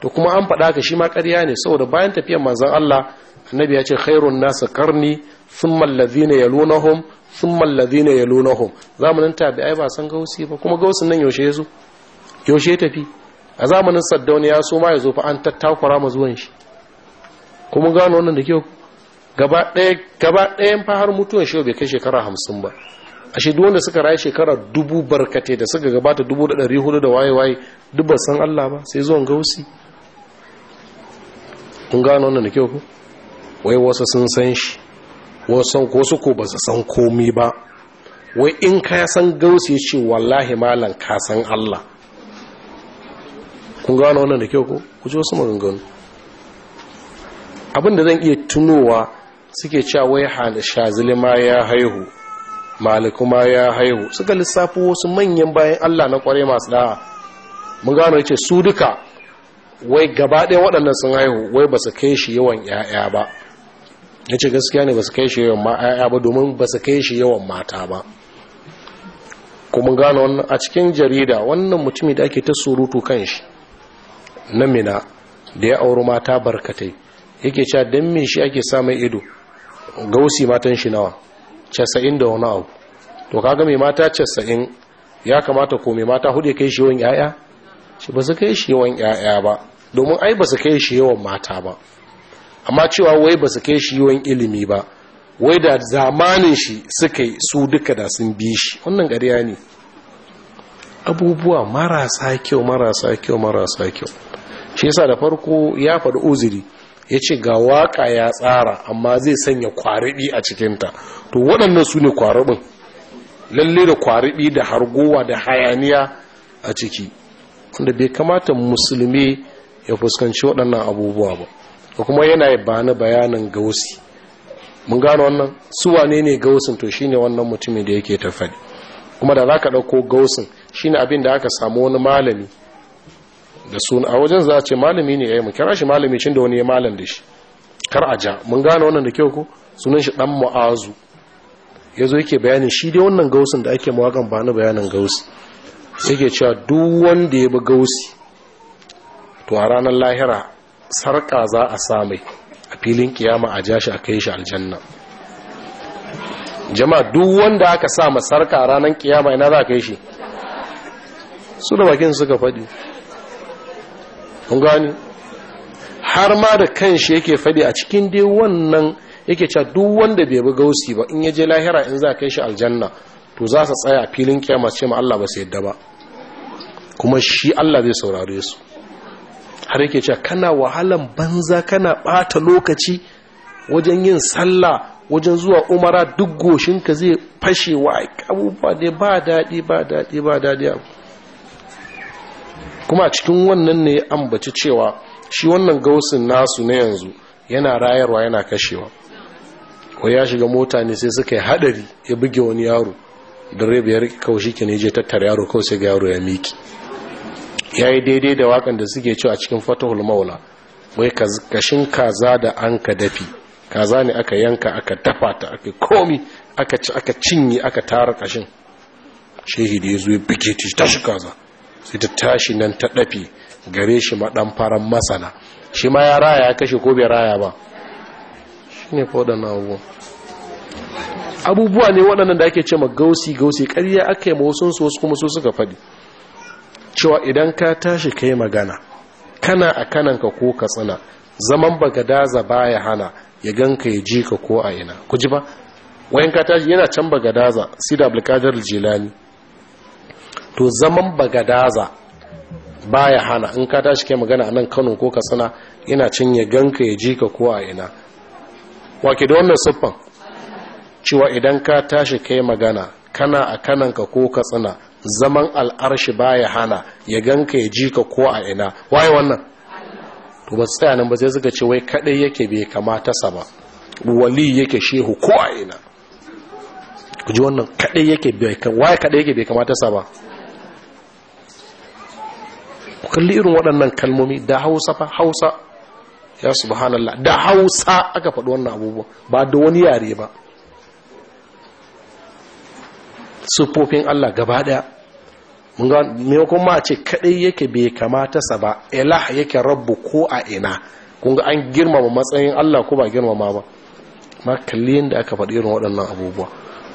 to kuma an faɗa ka shi ma ƙarya ne saboda bayan tafiyar manzon Allah annabi ya ce khairun nasu karni thumma alladhina yalunahum thumma alladhina yalunahum zamanin tabi'ai ba san gausi ba kuma gausin nan yaushe yazo yaushe tafi a zamanin saddauni ya so ma ya fa an tattakura ma zuwan shi kuma gano wannan da kyau gaba ɗayan fahar mutuwan shi bai kai shekara hamsin ba a shi wanda suka raye shekara dubu barkate da suka gabata dubu da ɗari hudu da waye-waye dubban san Allah ba sai zuwan gausi kun gano wannan da kyau ku wai wasu sun san shi wasu ko su ko ba su san komi ba wai in ka san gausi ya ce wallahi malam ka san Allah kun gano wannan da kyau ku ku ji wasu maganganu abinda zan iya tunowa suke cewa wai shazili ma ya haihu maliku ma ya haihu suka lissafi wasu manyan bayan Allah na kware masu da'a mun gano yace su duka wai gaba ɗaya waɗannan sun haihu wai ba su kai shi yawan 'ya'ya ba yace gaskiya ne ba su kai shi yawan 'ya'ya ba domin ba su kai shi yawan mata ba kuma gano wannan a cikin jarida wannan mutumi da ake ta surutu kan shi na mina da ya auri mata barkatai yake cewa don me shi ake samun ido gausi matan shi nawa casa'in da wani abu to kaga mai mata casa'in ya kamata ko mai mata hudu kai shi yawan yaya shi ba su kai shi yawan yaya ba domin ai ba su kai shi yawan mata ba amma cewa wai ba su kai shi yawan ilimi ba wai da zamanin shi suka yi su duka da sun bi shi wannan karya ne abubuwa marasa kyau marasa kyau marasa kyau shi yasa da farko ya faɗi uzuri ya ce ga waka ya tsara amma zai sanya kwaribi a cikinta to waɗannan su ne kwaribin lalle da kwaribi da hargowa da hayaniya a ciki wanda bai kamata musulmi ya fuskanci waɗannan abubuwa ba da kuma yana ba na bayanin gausi mun gano wannan su wane ne gausin to shine wannan mutumin da yake ta kuma da za ka ɗauko gausin shine abin da aka samu wani malami da suna a wajen za a ce malami ne ya eh, yi mu kira shi malami cin da wani ya malam da shi kar a ja mun gane wannan da kyau ku sunan shi dan mu'azu ya zo yake bayanin shi dai wannan gausin da ake mawakan ba na bayanin gausi yake cewa duk wanda ya bi gausi to a ranar lahira sarƙa za a samai a filin kiyama a ja shi a kai shi aljanna jama'a duk wanda aka sa sarƙa a ranar kiyama ina za a kai shi su da bakin suka faɗi kun gani har ma da kanshi yake fadi a cikin dai wannan yake cewa duk wanda bai bi gausi ba in ya je lahira in za kai shi aljanna to za su tsaya a filin kiyama su ce ma Allah ba su yadda ba kuma shi Allah zai saurare su har yake cewa kana wahalan banza kana bata lokaci wajen yin sallah wajen zuwa umara duk goshin ka zai fashewa abubuwa ne ba daɗi ba daɗi ba daɗi abu kuma cikin wannan ne ambaci cewa shi wannan gausin nasu na yanzu yana rayarwa yana kashewa ko ya shiga mota ne sai suka yi hadari ya buge wani yaro direba ya biyar kawai shi ke neje tattara yaro kawai sai ga yaro ya miki yi daidai da wakan da suke cewa cikin fatahul maula wai kashin kaza da an ka dafi kaza ne aka yanka aka dafa ta aka komi aka cinye aka tara kashin shehi da ya zo ya ta shi kaza sai ta tashi nan ta dafi gare shi madan faran masana shi ma ya raya ya kashe ko bai raya ba shine ko da nawo abubuwa ne waɗannan da ake ce ma gausi gausi ƙarya aka yi wasu wasu kuma su suka faɗi cewa idan ka tashi ka yi magana kana a kananka ko ka tsina zaman bagadaza baya hana ya ganka ya ji ka ko a ina ku ji ba wayan ka tashi yana can daza, sida abdulkadir jilani to zaman bagadaza ya hana in ka tashi kai magana nan Kano ko sana ina cin ya ganka ya ji ka ko ina wake da wannan siffan cewa idan ka tashi kai magana kana a kananka ko Katsina zaman al'arshi ba ya hana ya ganka ya ji ka ko a ina waye wannan to ba su tsaya nan ba sai suka ce wai kadai yake bai kamata sa ba wali yake shehu ko a ina ku ji wannan bai kadai yake bai kamata sa ba kalli irin waɗannan kalmomi da hausa fa hausa ya subhanallah da hausa aka faɗi wannan abubuwa ba da wani yare ba siffofin Allah gaba ɗaya maimakon ma ce kaɗai yake bai kamata sa ba ilah yake rabu ko a ina kunga an girmama matsayin Allah ko ba girmama ba ma kalli yadda aka faɗi irin waɗannan abubuwa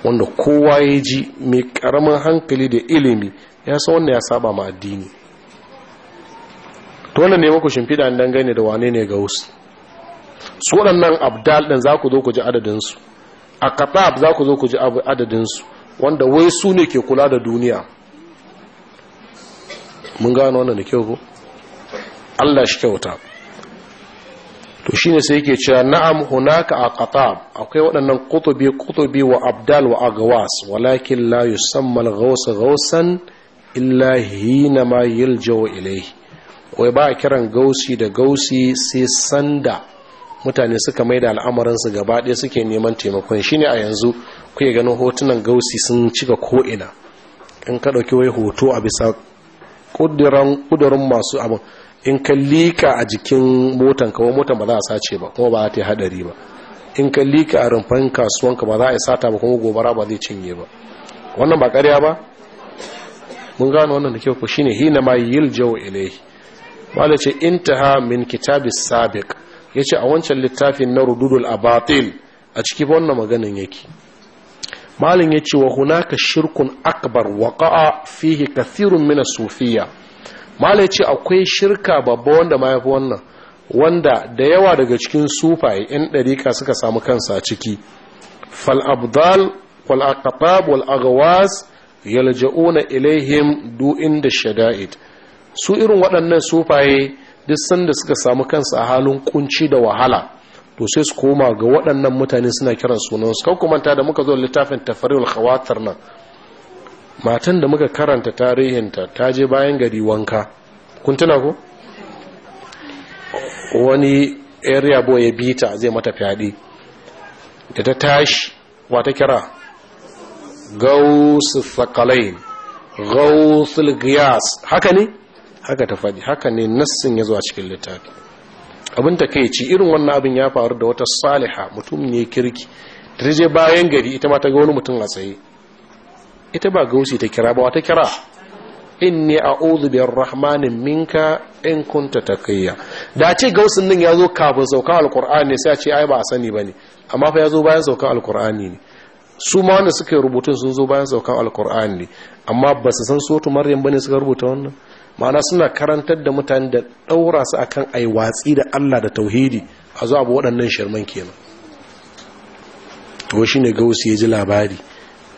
wanda kowa ya ji mai ƙaramin hankali da ilimi ya sa wanda ya saba ma addini to ne ne shimfida shimfiɗa dangane da wane ne ga wasu su waɗannan abdal ɗin za ku zo ku ji adadinsu a katab za ku zo ku ji adadinsu wanda wai su ne ke kula da duniya mun gano wannan da kyau ku allah shi kyauta to shi ne sai yake cewa na'am hunaka a qatab akwai waɗannan kutubi kutubi wa abdal wa agawas walakin la rausan al-ghaws ghawsan illa hina ma wai ba a kiran gausi da gausi sai sanda mutane suka mai da al'amuransu gaba ɗaya suke neman taimakon shine a yanzu kuke ganin hotunan gausi sun cika ko'ina in ka ɗauki wai hoto a bisa ƙudurin masu abin in ka lika a jikin motan kawai motan ba za a sace ba kuma ba za ta haɗari ba in ka lika a rumfan kasuwanka ba za a sata ba kuma gobara ba zai cinye ba wannan ba karya ba mun gano wannan da kyau ko shine hina ma jawo ilayhi mala ce intaha min kitabis sabiq yace a wancan littafin na rududul abatil a ciki wannan maganin yake malin yace wa ka shirkun akbar waqa'a fihi kathirun min sufiya. sufiyya ya yace akwai shirka babba wanda ma yafi wannan wanda da yawa daga cikin sufaye yan dariƙa suka samu kansa a ciki fal abdal wal aqtab wal aghwas yalja'una ilaihim du'in da shada'id su irin waɗannan sufaye duk sanda suka samu kansu a halin kunci da wahala to sai su koma ga waɗannan mutane suna kiran sunan su manta da muka zo littafin tafaril khawatar nan matan da muka karanta tarihinta ta je bayan gari wanka kun tuna ko wani area boy ya bita zai mata fyaɗe da ta tashi wata kira gausu sakalain gausul giyas haka ne haka ta faɗi haka ne nassin ya zuwa cikin littafi abin ta kai ci irin wannan abin ya faru da wata saliha mutum ne kirki ta je bayan gari ita ma ta ga wani mutum a tsaye ita ba gausi ta kira ba wata kira inni a'udhu biyar rahmanin minka in kunta kaiya. da ce gausin nan ya zo kafin saukan alqur'ani sai a ce ai ba a sani bane amma fa ya zo bayan saukan alqur'ani ne su ma wanda suka yi rubutun sun zo bayan saukan alkur'ani ne amma ba su san sotu maryam bane suka rubuta wannan ma'ana suna karantar da mutane da ɗaura su akan ai watsi da Allah da tauhidi a zuwa abu waɗannan shirman kenan to shi ne gausu ya ji labari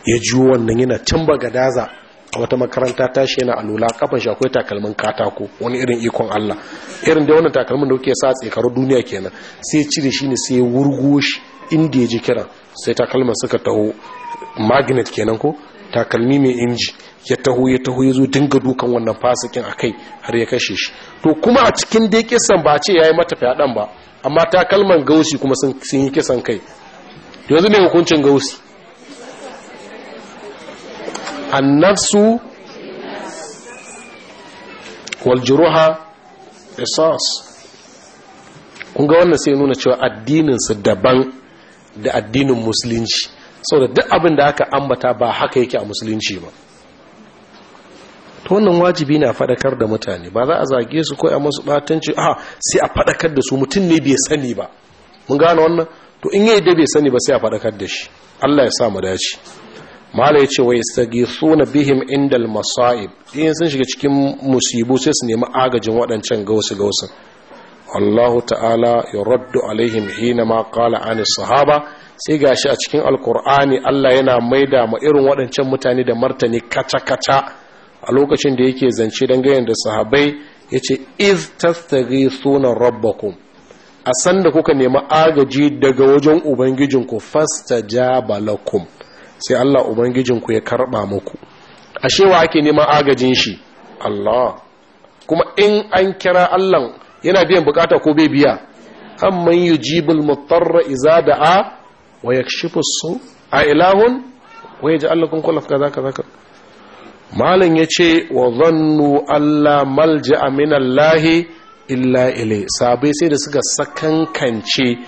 ya ji wannan yana ga daza a wata makaranta ta tashi yana alula kafin shi akwai takalmin katako wani irin ikon Allah irin da wannan takalmin da kuke sa tsekaru duniya kenan sai cire shi ne sai wurgo shi inda ya ji kira sai takalmin suka taho magnet kenan ko takalmi mai inji ya taho ya taho ya zo dinga dukan wannan fasikin a kai har ya kashe shi to kuma a cikin dai kisan ba ce ya yi mata fyaɗan ba amma ta kalman gausi kuma sun yi kisan kai yanzu ne hukuncin gausi annarsu waljiru ha kun ga wannan sai nuna cewa addininsu daban da addinin musulunci saboda duk abin da aka ambata ba haka yake a musulunci ba to wannan wajibi na faɗakar da mutane ba za a zage su ko a masu batanci a sai a faɗakar da su mutum ne bai sani ba mun gane wannan to in yi da bai sani ba sai a faɗakar da shi Allah ya sa mu dace mala ya ce wa yastaghithuna bihim indal masa'ib in sun shiga cikin musibu sai su nemi agajin waɗancan gausu gausun Allah ta'ala ya raddu alaihim hina ma qala an sahaba sai gashi a cikin alkur'ani Allah yana maida ma irin waɗancan mutane da martani kaca kaca a lokacin da yake zance gayan da sahabai ya ce iz tattari sunan rabbakun a sanda kuka nemi agaji daga wajen ubangijinku fasta balakun sai allah ubangijinku ya karba muku a shewa ake neman agajin shi allah kuma in an kira allah yana biyan bukata ko bai biya amman yujibul mutarra iza a wa shifu su a ilahun wa yaj'alukum za ka za ka? malin ya ce wa zannu Allah malja minallahi illa ile sabai sai da suka sakankance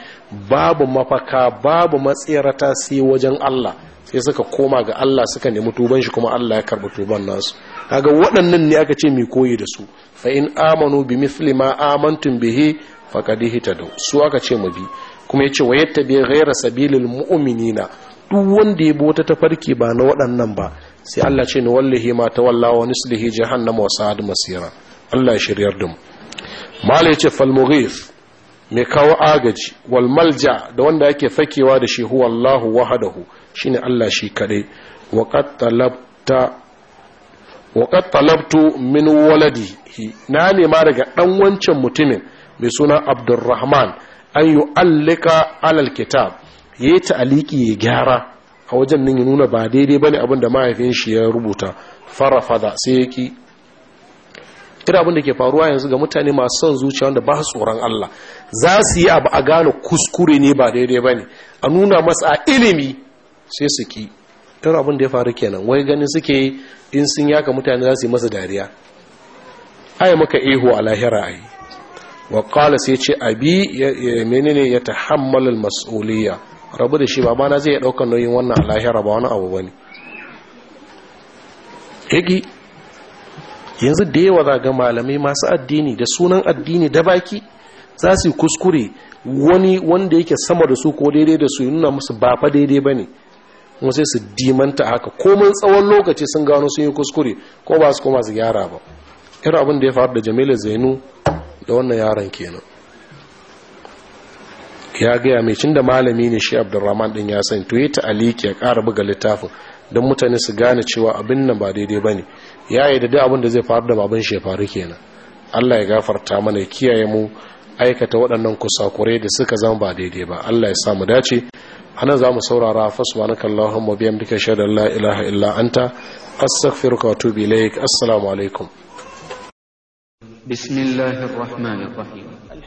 babu mafaka babu matsirata sai wajen Allah sai suka koma ga Allah suka nemi tuban shi kuma Allah ya karbi tuban nasu kaga waɗannan ne aka ce mai koyi da su fa in amanu bi misli ma amantum bihi faqad da su aka ce mu bi kuma yace wa yattabi ghayra sabilil mu'minina duk wanda ya bota tafarki ba na waɗannan ba sai Allah ce ni wallahi ma tawalla wa nuslihi jahannama wa sa'ad masira Allah ya shiryar da mu mala yace fal mughith me kawo agaji wal malja da wanda yake fakewa da shi huwa wahadahu, wahdahu shine Allah shi kadai wa qad talabta wa qad talabtu min waladihi na nema daga dan wancan mutumin mai suna Abdurrahman an yu'allika alal kitab yayi ta'aliki ya gyara a wajen nan ya nuna ba daidai bane abin da mahaifin shi ya rubuta farafada sai ya ki kira abin da ke faruwa yanzu ga mutane masu son zuciya wanda ba su tsoron Allah za su yi abu a gane kuskure ne ba daidai bane a nuna masa ilimi sai su ki kira abin da ya faru kenan wai ganin suke in sun yaka mutane za su yi masa dariya ai maka ihu a lahira ai wa qala sai ce abi menene ya tahammalul mas'uliyya rabu da shi babana zai ya ɗaukar nauyin wannan lahira ba wani abu wani yaki yanzu da yawa za ga malamai masu addini da sunan addini da baki za su kuskure wani wanda yake sama da su ko daidai da su nuna musu bafa daidai ba ne kuma sai su dimanta haka komin tsawon lokaci sun gano sun yi kuskure ko ba su koma su gyara ba irin abin da ya faru da jamilu zainu da wannan yaron kenan ya gaya mai cin da malami ne shi abdurrahman din ya san to yi ta'aliki ya ƙara buga littafin don mutane su gane cewa abin nan ba daidai ba ne ya yi da abin da zai faru da baban shi ya faru kenan allah ya gafarta mana ya kiyaye mu aikata waɗannan kusakure da suka zama ba daidai ba allah ya samu dace anan za mu saurara fasbanaka allahumma biyamdika shahada la ilaha illa anta astaghfiruka wa atubu ilaik assalamu alaikum